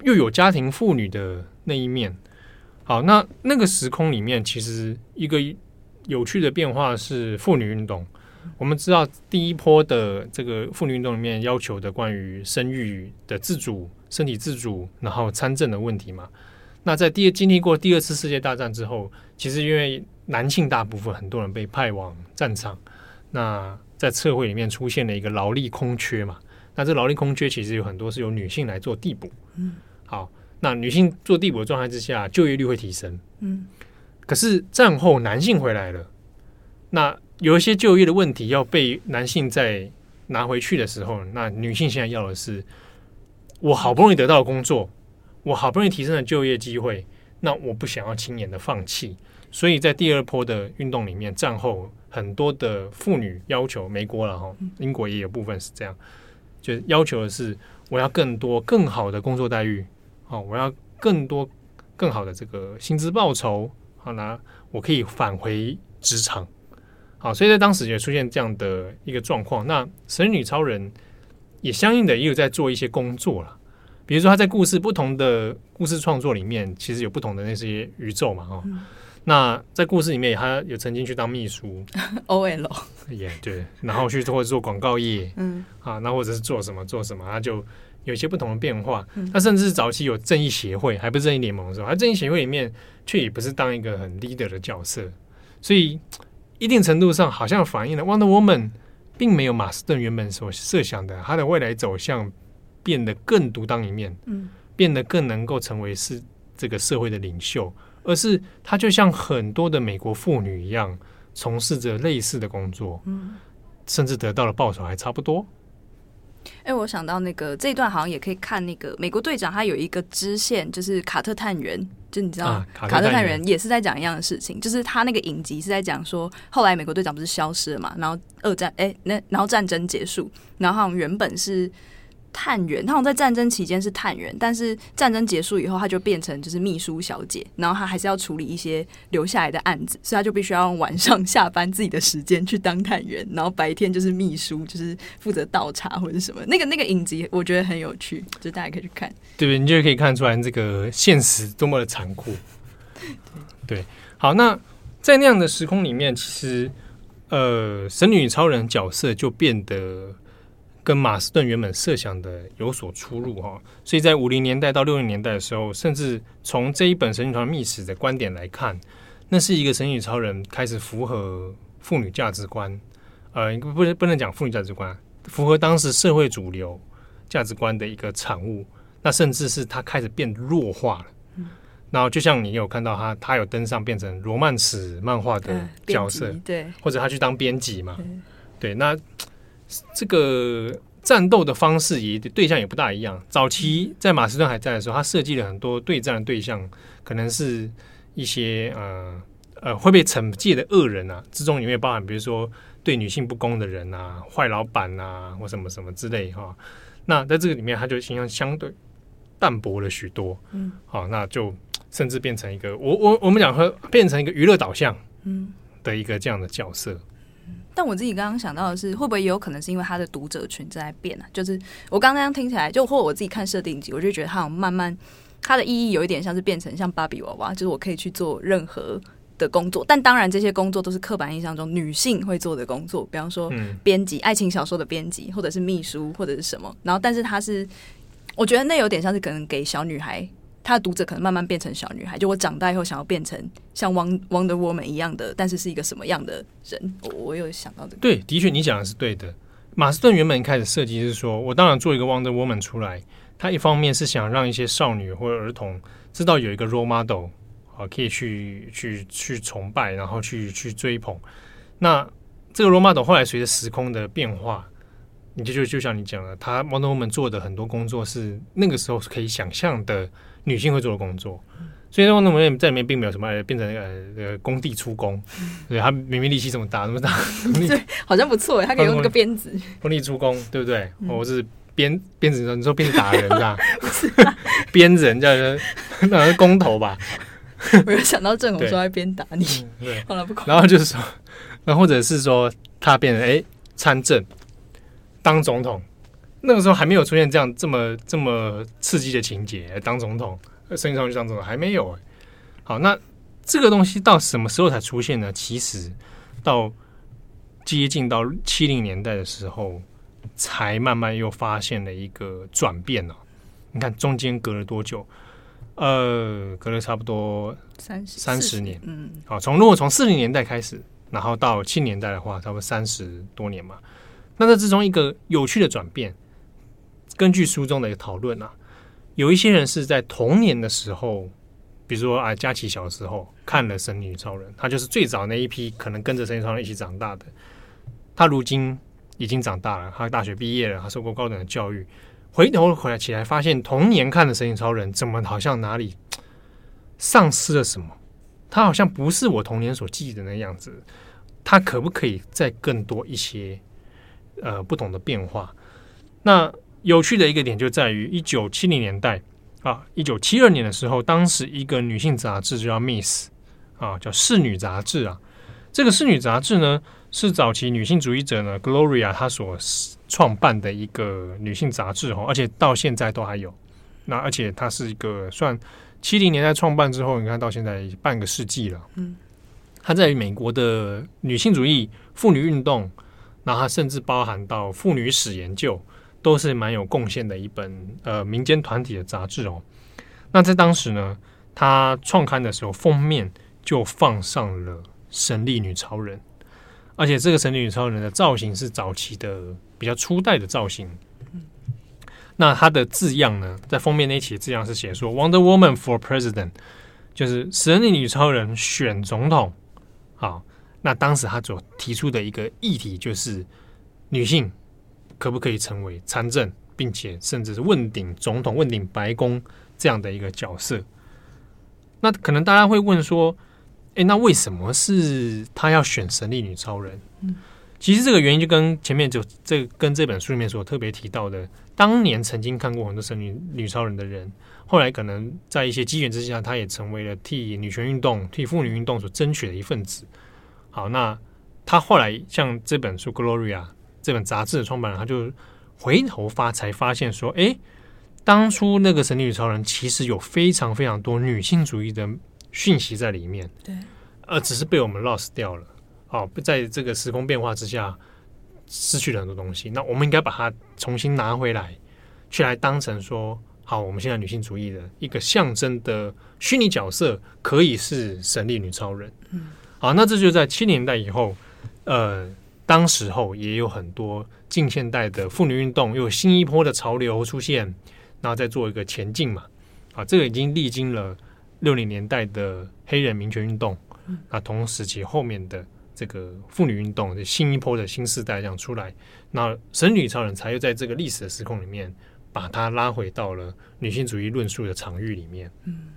又有家庭婦女的那一面。好，那那個時空裡面，其實一個有趣的變化是婦女運動。我們知道第一波的這個婦女運動裡面要求的關於生育的自主、身體自主，然後參政的問題嘛。那在第二經歷過第二次世界大戰之後，其實因為。男性大部分很多人被派往戰場，那在社會裡面出現了一個勞力空缺嘛。那這勞力空缺其實有很多是由女性來做遞補。嗯，好，那女性做遞補的狀態之下，就業率會提升。嗯，可是戰後男性回來了，那有一些就業的問題要被男性再拿回去的時候，那女性現在要的是，我好不容易得到工作，我好不容易提升了就業機會，那我不想要輕言的放棄。所以在第二波的運動裡面，戰後很多的婦女要求，美國了哈，英國也有部分是這樣，就要求的是我要更多、更好的工作待遇，哦，我要更多、更好的這個薪資報酬，好了，我可以返回職場，好，所以在當時也出現這樣的一個狀況。那神力女超人也相應的也有在做一些工作了，比如說他在故事、不同的故事創作裡面，其實有不同的那些宇宙嘛，哈。那在故事裡面，他有曾經去當秘書 ，O L，也、yeah, 對，然後去做做廣告業， 嗯，啊，那或者是做什麼做什麼，他就有一些不同的變化。嗯、他甚至早期有正義協會，還不是正義聯盟的時候，他正義協會裡面卻也不是當一個很 leader 的角色，所以一定程度上好像反映了 Wonder Woman 並沒有馬斯頓原本所設想的，他的未來走向變得更獨當一面，嗯，變得更能夠成為是這個社會的領袖。而是他就像很多的美國婦女一樣，從事着類似的工作，嗯、甚至得到了報酬還差不多。哎、欸，我想到那個這一段好像也可以看那個美國隊長，他有一個支線，就是卡特探員，就你知道、啊、卡特、卡特探員也是在講一樣的事情，就是他那個影集是在講說，後來美國隊長不是消失了嘛，然後二戰，哎、欸，那然後戰爭結束，然後好像原本是。探員，他好像在戰爭期間是探員，但是戰爭結束以後，他就變成就是秘書小姐，然後他還是要處理一些留下來的案子，所以他就必須要晚上下班自己的時間去當探員，然後白天就是秘書，就是負責倒茶或者什麼。那個那個影集我覺得很有趣，就大家可以去看，對不對？你就可以看出來這個現實多麼的殘酷。 對，好，那在那樣的時空裡面，其實呃，神女超人角色就變得。跟馬斯頓原本設想的有所出入哈，所以在五零年代到六零年代的時候，甚至從這一本《神力女超人秘史》的觀點來看，那是一個神力女超人開始符合婦女價值觀，呃，不不能講婦女價值觀，符合當時社會主流價值觀的一個產物。那甚至是他開始變弱化了，嗯，然後就像你有看到他，他有登上變成羅曼史漫畫的角色、呃，對，或者他去當編輯嘛，嗯、對，那。這個戰鬥的方式也對，對象也不大一樣。早期在馬斯頓還在的時候，他設計了很多對戰的對象，可能是一些呃呃會被懲戒的惡人啊，之中裡面包含比如說對女性不公的人啊、壞老板啊或什麼什麼之類哈、啊。那在這個裡面，他就形象相對淡薄了許多。嗯，好，那就甚至變成一個我我我們講說變成一個娛樂導向嗯的一個這樣的角色。但我自己剛剛想到的是，會不會也有可能是因為他的讀者群正在變啊？就是我剛剛那樣聽起來，就或者我自己看設定集，我就覺得他有慢慢他的意義有一點像是變成像芭比娃娃，就是我可以去做任何的工作，但當然這些工作都是刻板印象中女性會做的工作，比方說編輯愛情小說的編輯，或者是秘書或者是什麼。然後，但是他是，我覺得那有點像是可能給小女孩。她的讀者可能慢慢變成小女孩，就我長大以後想要變成像《Wonder Woman》一樣的，但是是一個什麼樣的人？我我有想到這個。對，的確你講的是對的。馬斯頓原本一開始設計是說，我當然做一個 Wonder Woman 出來。他一方面是想讓一些少女或者兒童知道有一個 role model 啊，可以去去去崇拜，然後去去追捧。那這個 role model 後來隨着時空的變化，你就就像你講的，他 Wonder Woman 做的很多工作是那個時候是可以想象的。女性會做的工作，所以的話呢，我也在裡面並沒有什麼變成呃呃工地出工， 所以他明明力氣這麼大那麼大，對， 好像不錯哎，他可以用那個鞭子，工地出工對不對？或、嗯、者、哦、是鞭鞭子，你說鞭子打人 是，、啊、 子人是吧？鞭人叫人，那工頭吧？我又想到政宏說要鞭打你，好了不管，然後就是說，然後或者是說他變成哎參政，當總統。那個時候還沒有出現這樣這麼這麼刺激的情節，當總統、升上去當總統還沒有哎。好，那這個東西到什麼時候才出現呢？其實到接近到七零年代的時候，才慢慢又發現了一個轉變了，哦。你看中間隔了多久？呃，隔了差不多三十三十年。嗯，好，從如果從四零年代開始，然後到七零年代的話，差不多三十多年嘛。那這之中一個有趣的轉變。根據書中的一個討論啊，有一些人是在童年的時候，比如說啊，佳琦小時候看了《神力女超人》，他就是最早那一批可能跟着《神力女超人》一起長大的。他如今已經長大了，他大學畢業了，他受過高等的教育，回頭回來起來發現童年看的《神力女超人》怎麼好像哪裡喪失了什麼？他好像不是我童年所記得的那樣子。他可不可以再更多一些呃不同的變化？那？有趣的一個點就在於，一九七零年代啊，一九七二年的時候，當時一個女性雜誌就叫《Miss》，啊，叫《侍女雜誌》啊。這個侍女雜誌呢，是早期女性主義者呢，Gloria 她所創辦的一個女性雜誌哦，而且到現在都還有。那而且它是一個算七零年代創辦之後，你看到現在半個世紀了。嗯，它在於美國的女性主義、婦女運動，那它甚至包含到婦女史研究。都是蠻有貢獻的一本呃民間團體的雜誌哦。那在當時呢，它創刊的時候封面就放上了神力女超人，而且這個神力女超人的造型是早期的比較初代的造型。那它的字樣呢，在封面那一期字樣是寫說 “Wonder Woman for President”，就是神力女超人選總統。好，那當時他所提出的一個議題就是女性。可不可以成為參政，並且甚至是問鼎總統、問鼎白宮這樣的一個角色？那可能大家會問說：“誒，那為什麼是她要選神力女超人？”嗯，其實這個原因就跟前面就這跟這本書裡面所特別提到的，當年曾經看過很多神女女超人的人，後來可能在一些機緣之下，她也成為了替女權運動、替婦女運動所爭取的一份子。好，那她後來像這本書，Gloria。這本雜誌的創辦人，他就回頭發才發現說：“哎，當初那個神力女超人其實有非常非常多女性主義的訊息在裡面，對，而只是被我們 lost 掉了。好、哦，在這個時空變化之下，失去了很多東西。那我們應該把它重新拿回來，去來當成說，好，我們現在女性主義的一個象徵的虛擬角色，可以是神力女超人。嗯，好，那這就在七零年代以後，呃。”當時候也有很多近現代的婦女運動，又有新一波的潮流出現，然後再做一個前進嘛。啊，這個已經歷經了六零年代的黑人民權運動，啊，同時期後面的這個婦女運動，新一波的新世代這樣出來，那神力女超人才又在這個歷史的時空裡面把它拉回到了女性主義論述的場域裡面。嗯，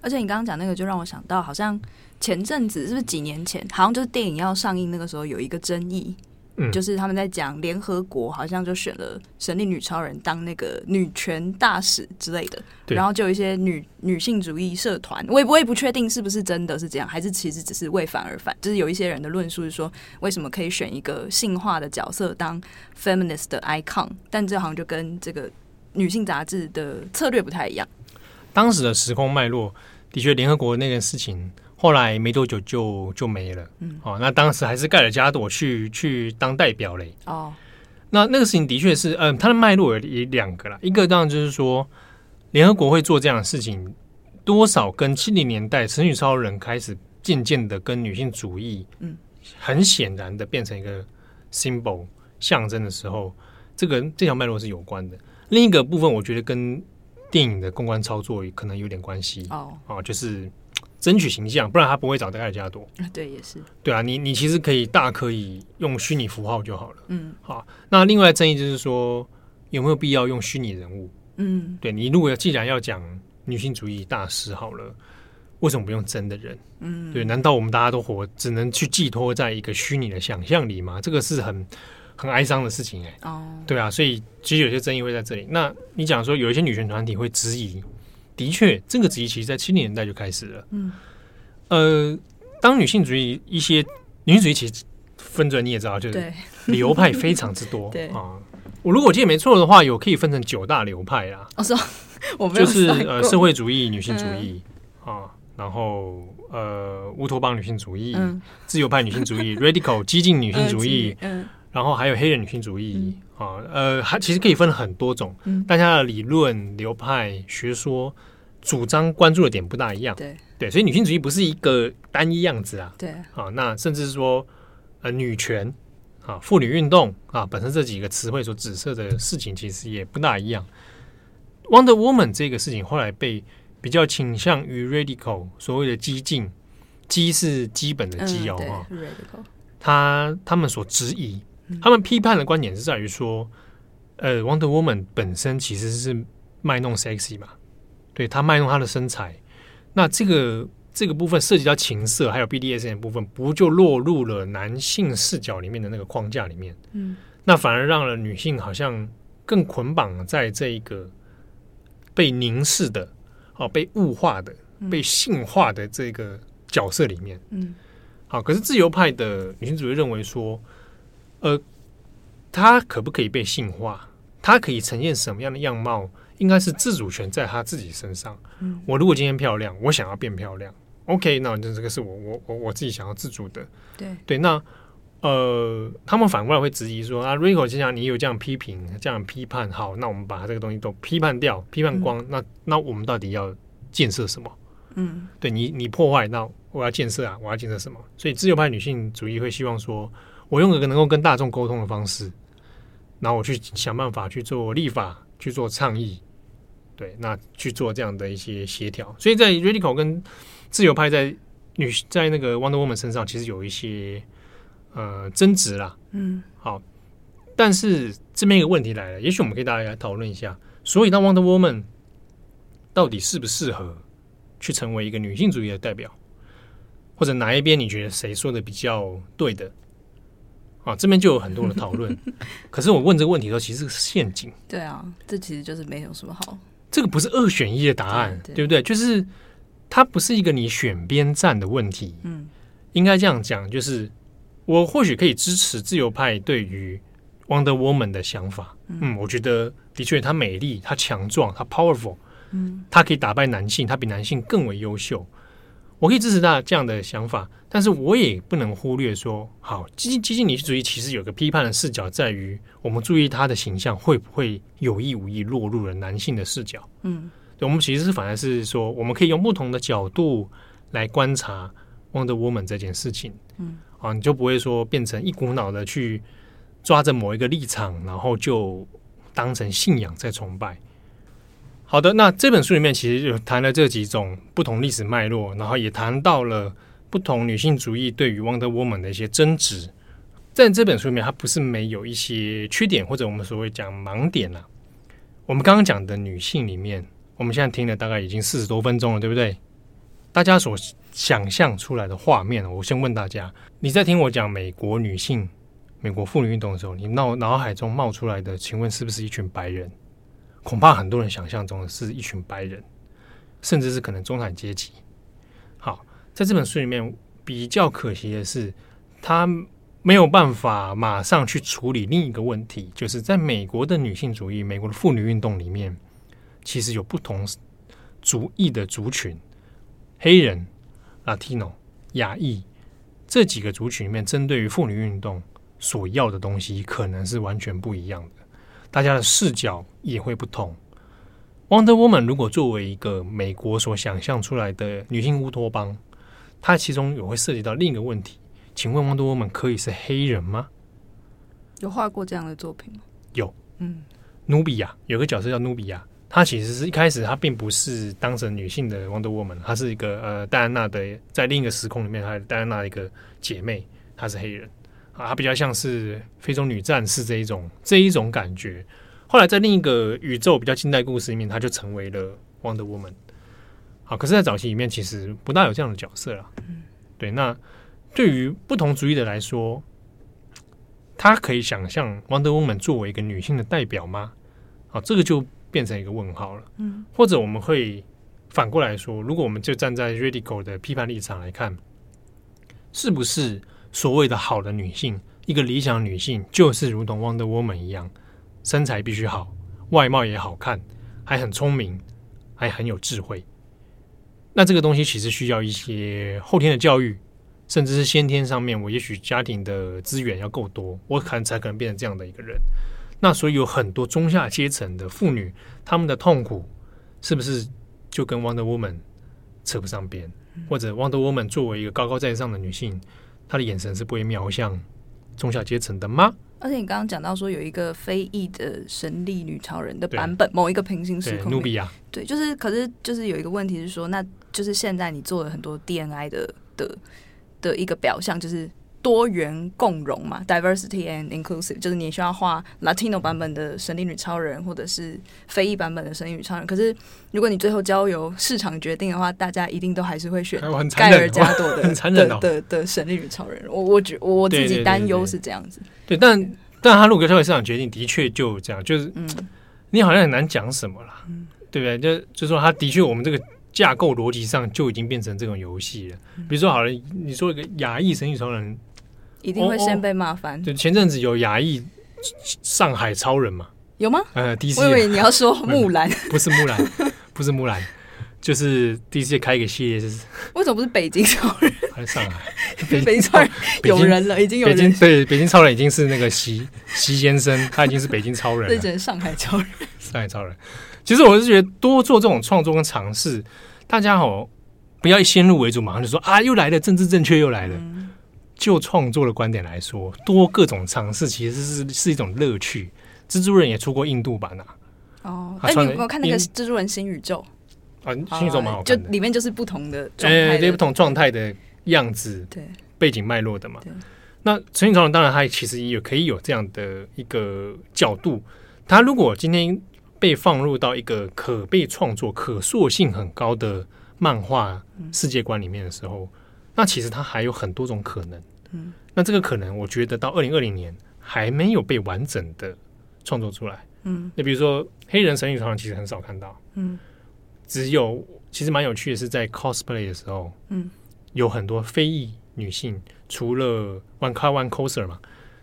而且你剛剛講那個，就讓我想到好像。前陣子是不是幾年前？好像就是電影要上映那個時候，有一個爭議，嗯，就是他們在講聯合國好像就選了《神力女超人》當那個女權大使之類的，對，然後就有一些女女性主義社團，我也不我也不確定是不是真的是這樣，還是其實只是為反而反。就是有一些人的論述是說，為什麼可以選一個性化的角色當 feminist 的 icon？但這好像就跟這個女性雜誌的策略不太一樣。當時的時空脈絡的確，聯合國那件事情。後來沒多久就就沒了，嗯，哦，那當時還是蓋爾加朵去去當代表嘞，哦，那那個事情的確是，嗯、呃，它的脈絡也有兩個啦，一個當然就是說聯合國會做這樣的事情，多少跟七零年代神力女超人開始漸漸的跟女性主義，嗯，很顯然的變成一個 symbol 象徵的時候，這個這條脈絡是有關的。另一個部分，我覺得跟電影的公關操作可能有點關係，哦，啊、哦，就是。爭取形象，不然他不會找蓋爾加朵。對，也是。對啊，你你其實可以大可以用虛擬符號就好了。嗯。好、啊，那另外的爭議就是說，有沒有必要用虛擬人物？嗯，對。你如果既然要講女性主義大師，好了，為什麼不用真的人？嗯，對。難道我們大家都活只能去寄托在一個虛擬的想象裡嗎？這個是很很哀傷的事情哎、欸。哦。對啊，所以其實有些爭議會在這裡。那你講說，有一些女權團體會質疑。的確，這個職業其實在七零年代就開始了。嗯，呃，當女性主義一些女性主義其實分着，你也知道，就是流派非常之多。啊、嗯，我如果我記得沒錯的話，有可以分成九大流派啊。就是呃，社會主義女性主義啊、嗯嗯，然後呃，烏托邦女性主義、嗯，自由派女性主義、嗯、，radical 激進女性主義。呃然後還有黑人女性主義、嗯、啊，呃，還其實可以分很多種，大、嗯、家的理論流派、學說、主張、關注的點不大一樣。對，對，所以女性主義不是一個單一樣子啊。對啊，那甚至說呃，女權啊，婦女運動啊，本身這幾個詞彙所指涉的事情其實也不大一樣。Wonder Woman 這個事情後來被比較傾向於 radical，所謂的激進，激是基本的激哦啊、嗯、，radical，他他們所質疑。他們批判的觀點是在於說，呃，Wonder Woman 本身其實是賣弄 sexy 嘛，對，她賣弄她的身材，那這個這個部分涉及到情色還有 BDSM 的部分，不就落入了男性視角裡面的那個框架裡面？嗯，那反而讓了女性好像更捆綁在這一個被凝視的、哦、啊、被物化的、被性化的這個角色裡面。嗯，好，可是自由派的女性主義認為說。呃，她可不可以被性化？她可以呈現什麼樣的樣貌？應該是自主權在她自己身上，嗯。我如果今天漂亮，我想要變漂亮，OK？那這這個是我我我自己想要自主的。對對，那呃，他們反過來會質疑說，啊，Rico 經常你有這樣批評，這樣批判，好，那我們把他這個東西都批判掉，批判光，嗯、那那我們到底要建設什麼？嗯，對你你破壞，那我要建設啊，我要建設什麼？所以自由派女性主義會希望說。我用一個能夠跟大眾溝通的方式，然後我去想辦法去做立法，去做倡議，對，那去做這樣的一些協調。所以在 radical 跟自由派在女在那個 Wonder Woman 身上，其實有一些呃爭執啦。嗯，好，但是這邊一個問題來了，也許我們可以大家來討論一下。所以，當 Wonder Woman 到底適不適合去成為一個女性主義的代表，或者哪一邊你覺得誰說的比較對的？啊，這邊就有很多的討論。 可是我問這個問題的時候，其實是陷阱。對啊，這其實就是沒有什麼好。這個不是二選一的答案，對，對,對不對？就是它不是一個你選邊站的問題。嗯，應該這樣講，就是我或許可以支持自由派對於 Wonder Woman 的想法。嗯，嗯，我覺得的確她美麗，她強壯，她 powerful。她可以打敗男性，她比男性更為優秀。我可以支持他這樣的想法，但是我也不能忽略說，好，基進女性主義其實有個批判的視角，在於我們注意他的形象會不會有意無意落入了男性的視角。嗯，對，我們其實是反而是說，我們可以用不同的角度來觀察 “Wonder Woman” 這件事情。嗯，啊，你就不會說變成一股腦的去抓着某一個立場，然後就當成信仰在崇拜。好的，那這本書裡面其實就談了這幾種不同歷史脈絡，然後也談到了不同女性主義對於 Wonder Woman 的一些爭執。在這本書裡面，它不是沒有一些缺點或者我們所謂講盲點啊。我們剛剛講的女性裡面，我們現在聽了大概已經四十多分鐘了，對不對？大家所想象出來的畫面，我先問大家，你在聽我講美國女性、美國婦女運動的時候，你腦腦海中冒出來的，請問是不是一群白人？恐怕很多人想象中的是一群白人，甚至是可能中產階級。好，在這本書裡面比較可惜的是，他沒有辦法馬上去處理另一個問題，就是在美國的女性主義、美國的婦女運動裡面，其實有不同族裔的族群，黑人、Latino、亞裔這幾個族群裡面，針對於婦女運動所要的東西，可能是完全不一樣的。大家的視角也會不同。Wonder Woman 如果作為一個美國所想象出來的女性烏托邦，它其中有會涉及到另一個問題，請問 Wonder Woman 可以是黑人嗎？有畫過這樣的作品嗎？有，嗯，努比亞有個角色叫努比亞，她其實是一開始她並不是當成女性的 Wonder Woman，她是一個呃戴安娜的在另一個時空裡面，她有戴安娜的一個姐妹，她是黑人。啊，比較像是非洲女戰士這一種這一種感覺。後來在另一個宇宙比較近代故事裡面，她就成為了 Wonder Woman。好、啊，可是，在早期裡面其實不大有這樣的角色啊、嗯。對，那對於不同主義的來說，她可以想象 Wonder Woman 作為一個女性的代表嗎？好、啊，這個就變成一個問號了。嗯。或者，我們會反過來說，如果我們就站在 radical 的批判立場來看，是不是？所謂的好的女性，一個理想的女性就是如同 Wonder Woman 一樣，身材必須好，外貌也好看，還很聰明，還很有智慧。那這個東西其實需要一些後天的教育，甚至是先天上面，我也許家庭的資源要夠多，我可能才可能變成這樣的一個人。那所以有很多中下階層的婦女，她們的痛苦是不是就跟 Wonder Woman 扯不上邊？或者 Wonder Woman 作為一個高高在上的女性？他的眼神是不會瞄向中小階層的嗎？而且你剛剛講到說有一個非裔的神力女超人的版本，某一個平行時空努比亞，對，就是，可是就是有一個問題是說，那就是現在你做了很多 DNI 的的的一個表象，就是。多元共融嘛，diversity and inclusive，就是你需要畫 Latino 版本的神力女超人，或者是非裔版本的神力女超人。可是如果你最後交由市場決定的話，大家一定都還是會選蓋爾加朵的、哎我很殘忍我很殘忍哦、的的，的，的，的神力女超人。我我覺我自己擔憂是這樣子。對，但對但他如果交給市場決定，的確就這樣，就是、嗯、你好像很難講什麼啦、嗯，對不對？就就說他的確，我們這個架構邏輯上就已經變成這種遊戲了、嗯。比如說好，好像你說一個亞裔神力女超人。一定會先被罵翻。就、oh, oh, 前陣子有亞裔上海超人嘛？有嗎？呃，第一次，我以為你要說 木蘭，不是木蘭，不是木蘭， 就是第一次開一個系列、就是。為什麼不是北京超人？還是上海？北京超人、哦、京有人了，已經有人。對，北京超人已經是那個習習先生，他已經是北京超人。對這是上海超人。 上海超人，其實我是覺得多做這種創作跟嘗試，大家好、哦，不要以先入為主嘛，就說啊又來了政治正確又來了。嗯就創作的觀點來說，多各種嘗試其實是是一種樂趣。蜘蛛人也出過印度版啊。哦、oh, 啊，哎、欸，你有沒有看那個蜘蛛人新宇宙？啊，新宇宙好看，就裡面就是不同的狀態、欸，不同狀態的樣子，對背景脈絡的嘛。那神力女超人當然他其實也可以有這樣的一個角度。他如果今天被放入到一個可被創作、可塑性很高的漫畫世界觀裡面的時候。嗯那其實它還有很多種可能，嗯，那這個可能我覺得到二零二零年還沒有被完整的創作出來，嗯，你比如說黑人神女超人其實很少看到，嗯，只有其實蠻有趣的是在 cosplay 的時候，嗯，有很多非裔女性除了 one car one coaster 嘛，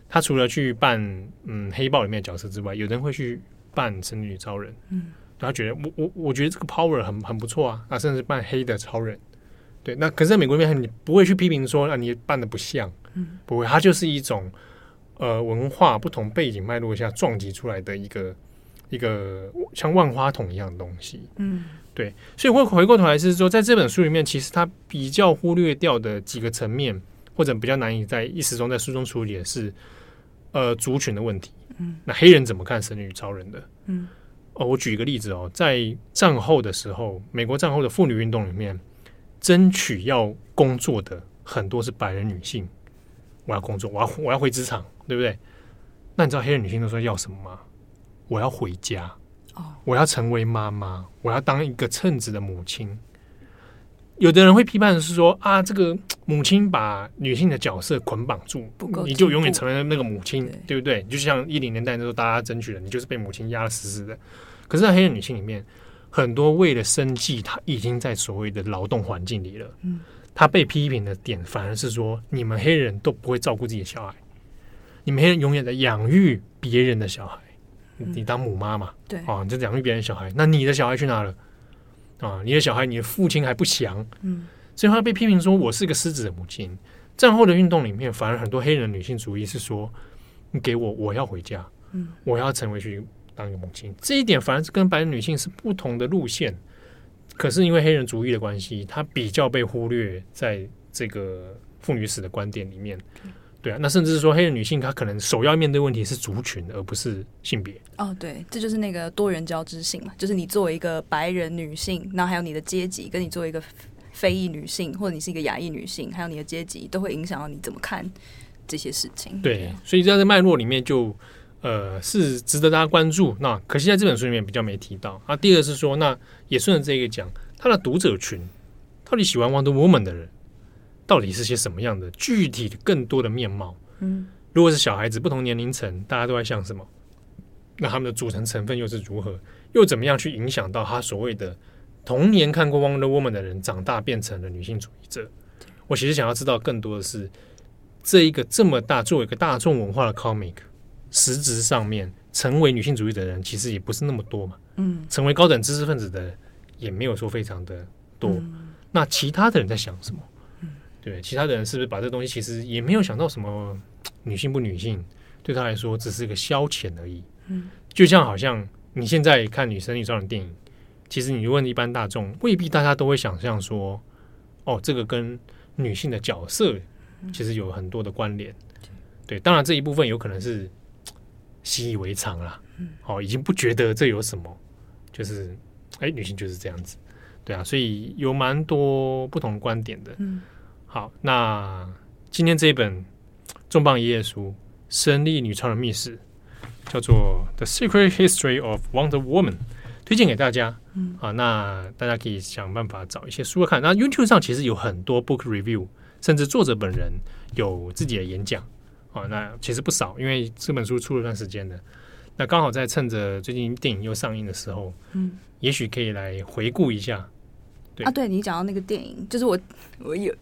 她除了去扮嗯黑豹裡面的角色之外，有人會去扮神女超人，嗯，然後覺得我我我覺得這個 power 很很不錯啊，啊，甚至扮黑的超人。對，那可是在美國裡面你不會去批評說，啊，你辦的不像，嗯，不會，它就是一種呃文化不同背景脈絡下撞擊出來的一個一個像萬花筒一樣的東西，嗯，對，所以我回過頭來是說，在這本書裡面，其實它比較忽略掉的幾個層面，或者比較難以在意識中在書中處理的是呃族群的問題，嗯，那黑人怎麼看神女超人的？嗯，哦，我舉一個例子哦，在戰後的時候，美國戰後的婦女運動裡面。爭取要工作的很多是白人女性，我要工作，我要我要回職場，對不對？那你知道黑人女性都說要什麼嗎？我要回家，哦，我要成為媽媽，我要當一個稱職的母親。有的人會批判的是說啊，這個母親把女性的角色捆綁住，不夠，你就永遠成為那個母親，對,對不對？就像一零年代那時候大家爭取的，你就是被母親壓得死死的。可是，在黑人女性裡面。很多為了生計，他已經在所謂的勞動環境裡了。他被批評的點反而是說，你們黑人都不會照顧自己的小孩，你們黑人永遠在養育別人的小孩，你當姆媽嘛？對，啊，你就養育別人的小孩，那你的小孩去哪了？啊，你的小孩，你的父親還不詳。嗯，所以他被批評說，我是個失職的母親。戰後的運動裡面，反而很多黑人女性主義是說，你給我，我要回家，我要成為去。當個母親這一點反而是跟白人女性是不同的路線，可是因為黑人族裔的關係，它比較被忽略在這個婦女史的觀點裡面。對啊，那甚至是說黑人女性她可能首要面對問題是族群，而不是性別。哦，對，這就是那個多元交織性嘛，就是你作為一個白人女性，那還有你的階級，跟你作為一個非裔女性，或者你是一個亞裔女性，還有你的階級都會影響到你怎麼看這些事情。對，所以在這樣在脈絡裡面就。呃，是值得大家關注。那可惜在這本書裡面比較沒提到啊。第二是說，那也順着這個講，他的讀者群到底喜歡 Wonder Woman 的人，到底是些什麼樣的具體的更多的面貌？嗯。如果是小孩子，不同年齡層，大家都在想什麼？那他們的組成成分又是如何？又怎麼樣去影響到他所謂的童年看過 Wonder Woman 的人長大變成了女性主義者？我其實想要知道更多的是這一個這麼大作為一個大眾文化的 Comic。實質上面成為女性主義的人，其實也不是那麼多嘛。嗯，成為高等知識分子的也沒有說非常的多。那其他的人在想什麼？對，其他的人是不是把這東西其實也沒有想到什麼女性不女性，對他來說只是一個消遣而已。嗯，就像好像你現在看女生女裝的電影，其實你問一般大眾，未必大家都會想象說，哦，這個跟女性的角色其實有很多的關聯。對，當然這一部分有可能是。習以為常了、啊，哦，已經不覺得這有什麼，就是，哎，女性就是這樣子，對啊，所以有蠻多不同觀點的，嗯、好，那今天這一本重磅一頁書《神力女超人秘史》，叫做《The Secret History of Wonder Woman》，推薦給大家，啊、嗯，那大家可以想辦法找一些書來看，那 YouTube 上其實有很多 Book Review，甚至作者本人有自己的演講。那其實不少，因為這本書出了段時間的，那剛好在趁着最近電影又上映的時候，嗯，也許可以來回顧一下。對啊，對，你講到那個電影，就是我我有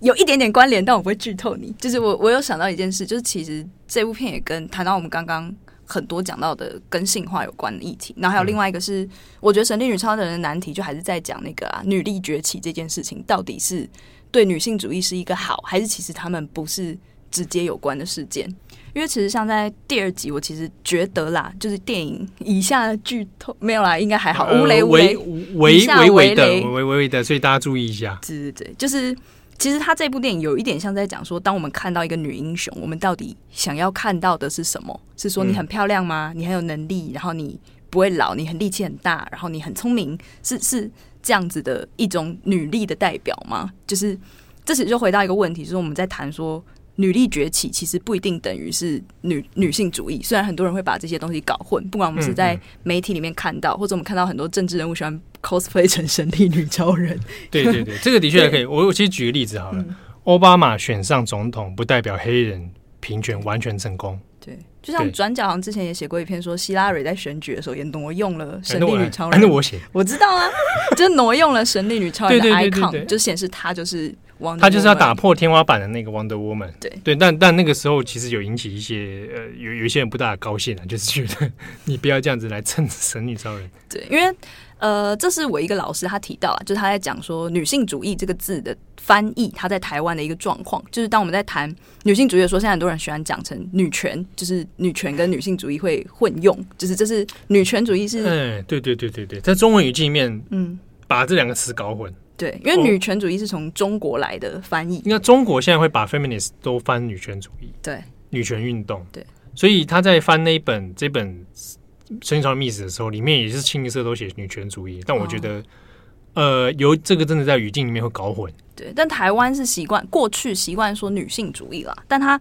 有一點點關聯，但我不會劇透你。就是我我有想到一件事，就是其實這部片也跟談到我們剛剛很多講到的跟性化有關的議題，然後還有另外一個是，嗯、我覺得《神力女超人》的難題就還是在講那個啊，女力崛起這件事情到底是對女性主義是一個好，還是其實他們不是。直接有關的事件，因為其實像在第二集，我其實覺得啦，就是電影以下劇透沒有啦，應該還好，微雷微雷的，微雷的、的，所以大家注意一下。是是是，就是其實他這部電影有一點像在講說，當我們看到一個女英雄，我們到底想要看到的是什麼？是說你很漂亮嗎？嗯、你很有能力，然後你不會老，你很力氣很大，然後你很聰明，是是這樣子的一種女力的代表嗎？就是，這時就回到一個問題，就是我們在談說。女力崛起其實不一定等於是女女性主義，雖然很多人會把這些東西搞混。不管我們是在媒體裡面看到，嗯嗯、或者我們看到很多政治人物喜歡 cosplay 成神力女超人。對對對，這個的確也可以。我我其實舉個例子好了，奧、嗯、巴馬選上總統不代表黑人平權完全成功。對，就像轉角好像之前也寫過一篇，說希拉蕊在選舉的時候也挪用了神力女超人。欸、那我、欸、那我寫，我知道啊， 就挪用了神力女超人的 icon，對對對對對對對對就顯示她就是。Woman, 他就是要打破天花板的那個 Wonder Woman。對對，但但那個時候其實有引起一些呃有有一些人不大的高興啊，就是覺得呵呵你不要這樣子來蹭神女超人。對，因為呃，這是我一個老師他提到啊，就是他在講說女性主義這個字的翻譯，他在台灣的一個狀況，就是當我們在談女性主義的時候，現在很多人喜歡講成女權，就是女權跟女性主義會混用，就是這是女權主義是，哎、欸，對對對對對，在中文語境裡面，嗯，把這兩個詞搞混。對，因為女權主義是從中國來的翻譯。那、哦、中國現在會把 feminist 都翻女權主義，對，女權運動，對。所以他在翻那一本這本《神力女超人秘史》的時候，裡面也是清一色都寫女權主義。但我覺得，哦、呃，有這個真的在語境裡面會搞混。對，但台灣是習慣過去習慣說女性主義啦，但他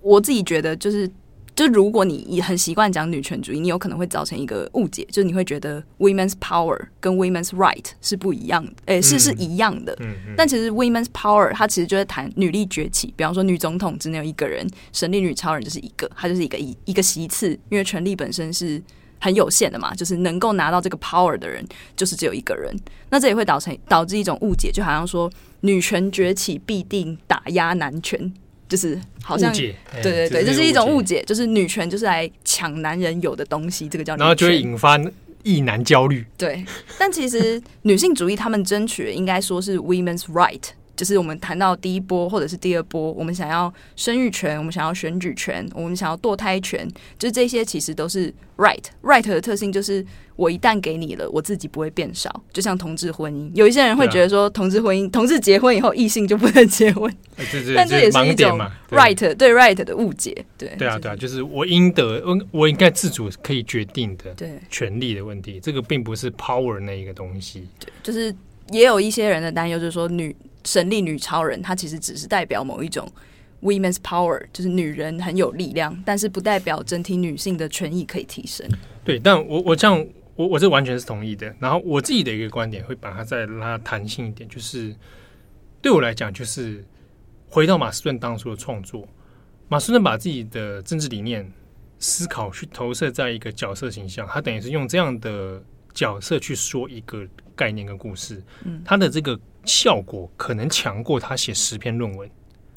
我自己覺得就是。就如果你也很習慣講女權主義，你有可能會造成一個誤解，就是你會覺得 women's power 跟 women's right 是不一樣的，誒、欸，是是一樣的。嗯，但其實 women's power 它其實就在談女力崛起，比方說女總統只能有一個人，神力女超人就是一個，它就是一個一一個席次，因為權力本身是很有限的嘛，就是能夠拿到這個 power 的人就是只有一個人，那這也會導成導致一種誤解，就好像說女權崛起必定打壓男權。就是好像對對對，對，這是一種誤解，就是女權就是來搶男人有的東西，這個叫然後就會引發異男焦慮。對，但其實女性主義他們爭取的應該說是 women's right。就是我們談到第一波或者是第二波，我們想要生育權，我們想要選舉權，我們想要墮胎權，就是這些其實都是 right right 的特性，就是我一旦給你了，我自己不會變少。就像同志婚姻，有一些人會覺得說，同志婚姻、啊，同志結婚以後，異性就不能結婚，對對對，但這也是一種 right 對 right 的誤解。對對，對，對，對啊對啊，就是，就是我應得我我應該自主可以決定的權利的問題，這個並不是 power 那一個東西。對，就是也有一些人的擔憂，就是說女。神力女超人，她其實只是代表某一種 women's power，就是女人很有力量，但是不代表整體女性的權益可以提升。對，但我我這樣，我我這完全是同意的。然後我自己的一個觀點，會把它再拉彈性一點，就是對我來講，就是回到馬斯頓當初的創作，馬斯頓把自己的政治理念思考去投射在一個角色形象，他等於是用這樣的角色去說一個概念跟故事，嗯，他的這個。效果可能強過他寫十篇論文。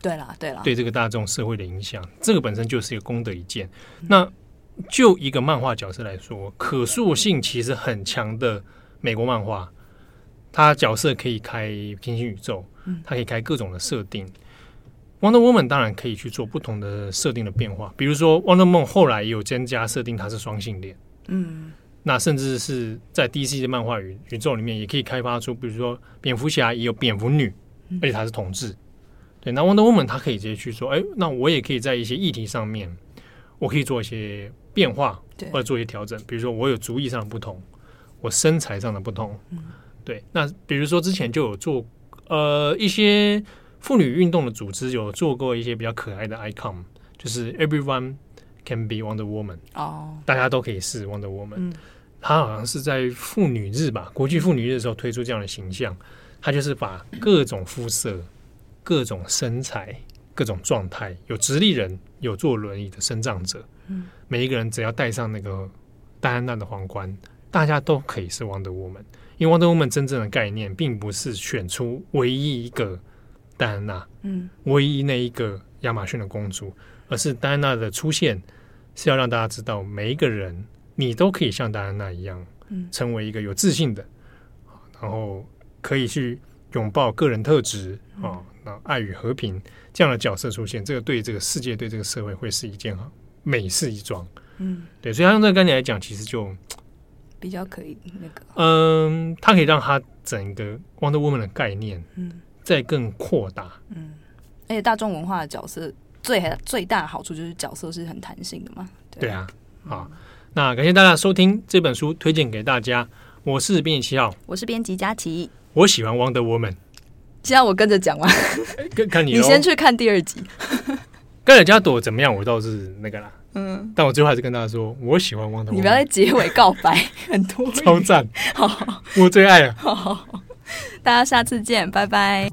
對了，對了，對這個大眾社會的影響，這個本身就是一個功德一件。嗯、那就一個漫畫角色來說，可塑性其實很強的美國漫畫，他角色可以開平行宇宙，它可以開各種的設定，嗯。Wonder Woman 當然可以去做不同的設定的變化，比如說 Wonder Woman 後來也有增加設定，它是雙性戀。嗯。那甚至是在 DC 的漫畫宇宇宙裡面，也可以開發出，比如說蝙蝠俠也有蝙蝠女，嗯、而且她是同志。對，那 Wonder Woman 她可以直接去說，哎、欸，那我也可以在一些議題上面，我可以做一些變化，或者做一些調整。比如說我有族裔上的不同，我身材上的不同。嗯、對，那比如說之前就有做，呃，一些婦女運動的組織有做過一些比較可愛的 icon，就是 Everyone can be Wonder Woman 哦，大家都可以是 Wonder Woman，嗯。她好像是在婦女日吧，國際婦女日的時候推出這樣的形象。她就是把各種膚色、各種身材、各種狀態，有直立人，有坐輪椅的身障者，嗯，每一個人只要戴上那個戴安娜的皇冠，大家都可以是 Wonder Woman。因為 Wonder Woman 真正的概念，並不是選出唯一一個戴安娜，嗯，唯一那一個亞馬遜的公主，而是戴安娜的出現是要讓大家知道每一個人。你都可以像戴安娜一樣，成為一個有自信的、嗯，然後可以去擁抱個人特質啊，那、嗯、愛與和平這樣的角色出現，這個對這個世界、對這個社會會是一件美事一樁。嗯，對，所以他用這個概念來講，其實就比較可以那個。嗯，它可以讓他整個 Wonder Woman 的概念，嗯，再更擴大。嗯，而且大眾文化的角色最還最大的好處就是角色是很彈性的嘛。對啊，對啊。嗯啊那感謝大家收聽這本書推薦給大家，我是編輯七號，我是編輯佳琦，我喜歡 Wonder Woman，現在我跟着講完， 看你，你先去看第二集， 跟蓋爾加朵怎麼樣？我倒是那個啦，嗯，但我最後還是跟大家說，我喜歡 Wonder Woman，你不要在結尾告白，很 多超讚讚， 我最愛啊，大家下次見，拜拜。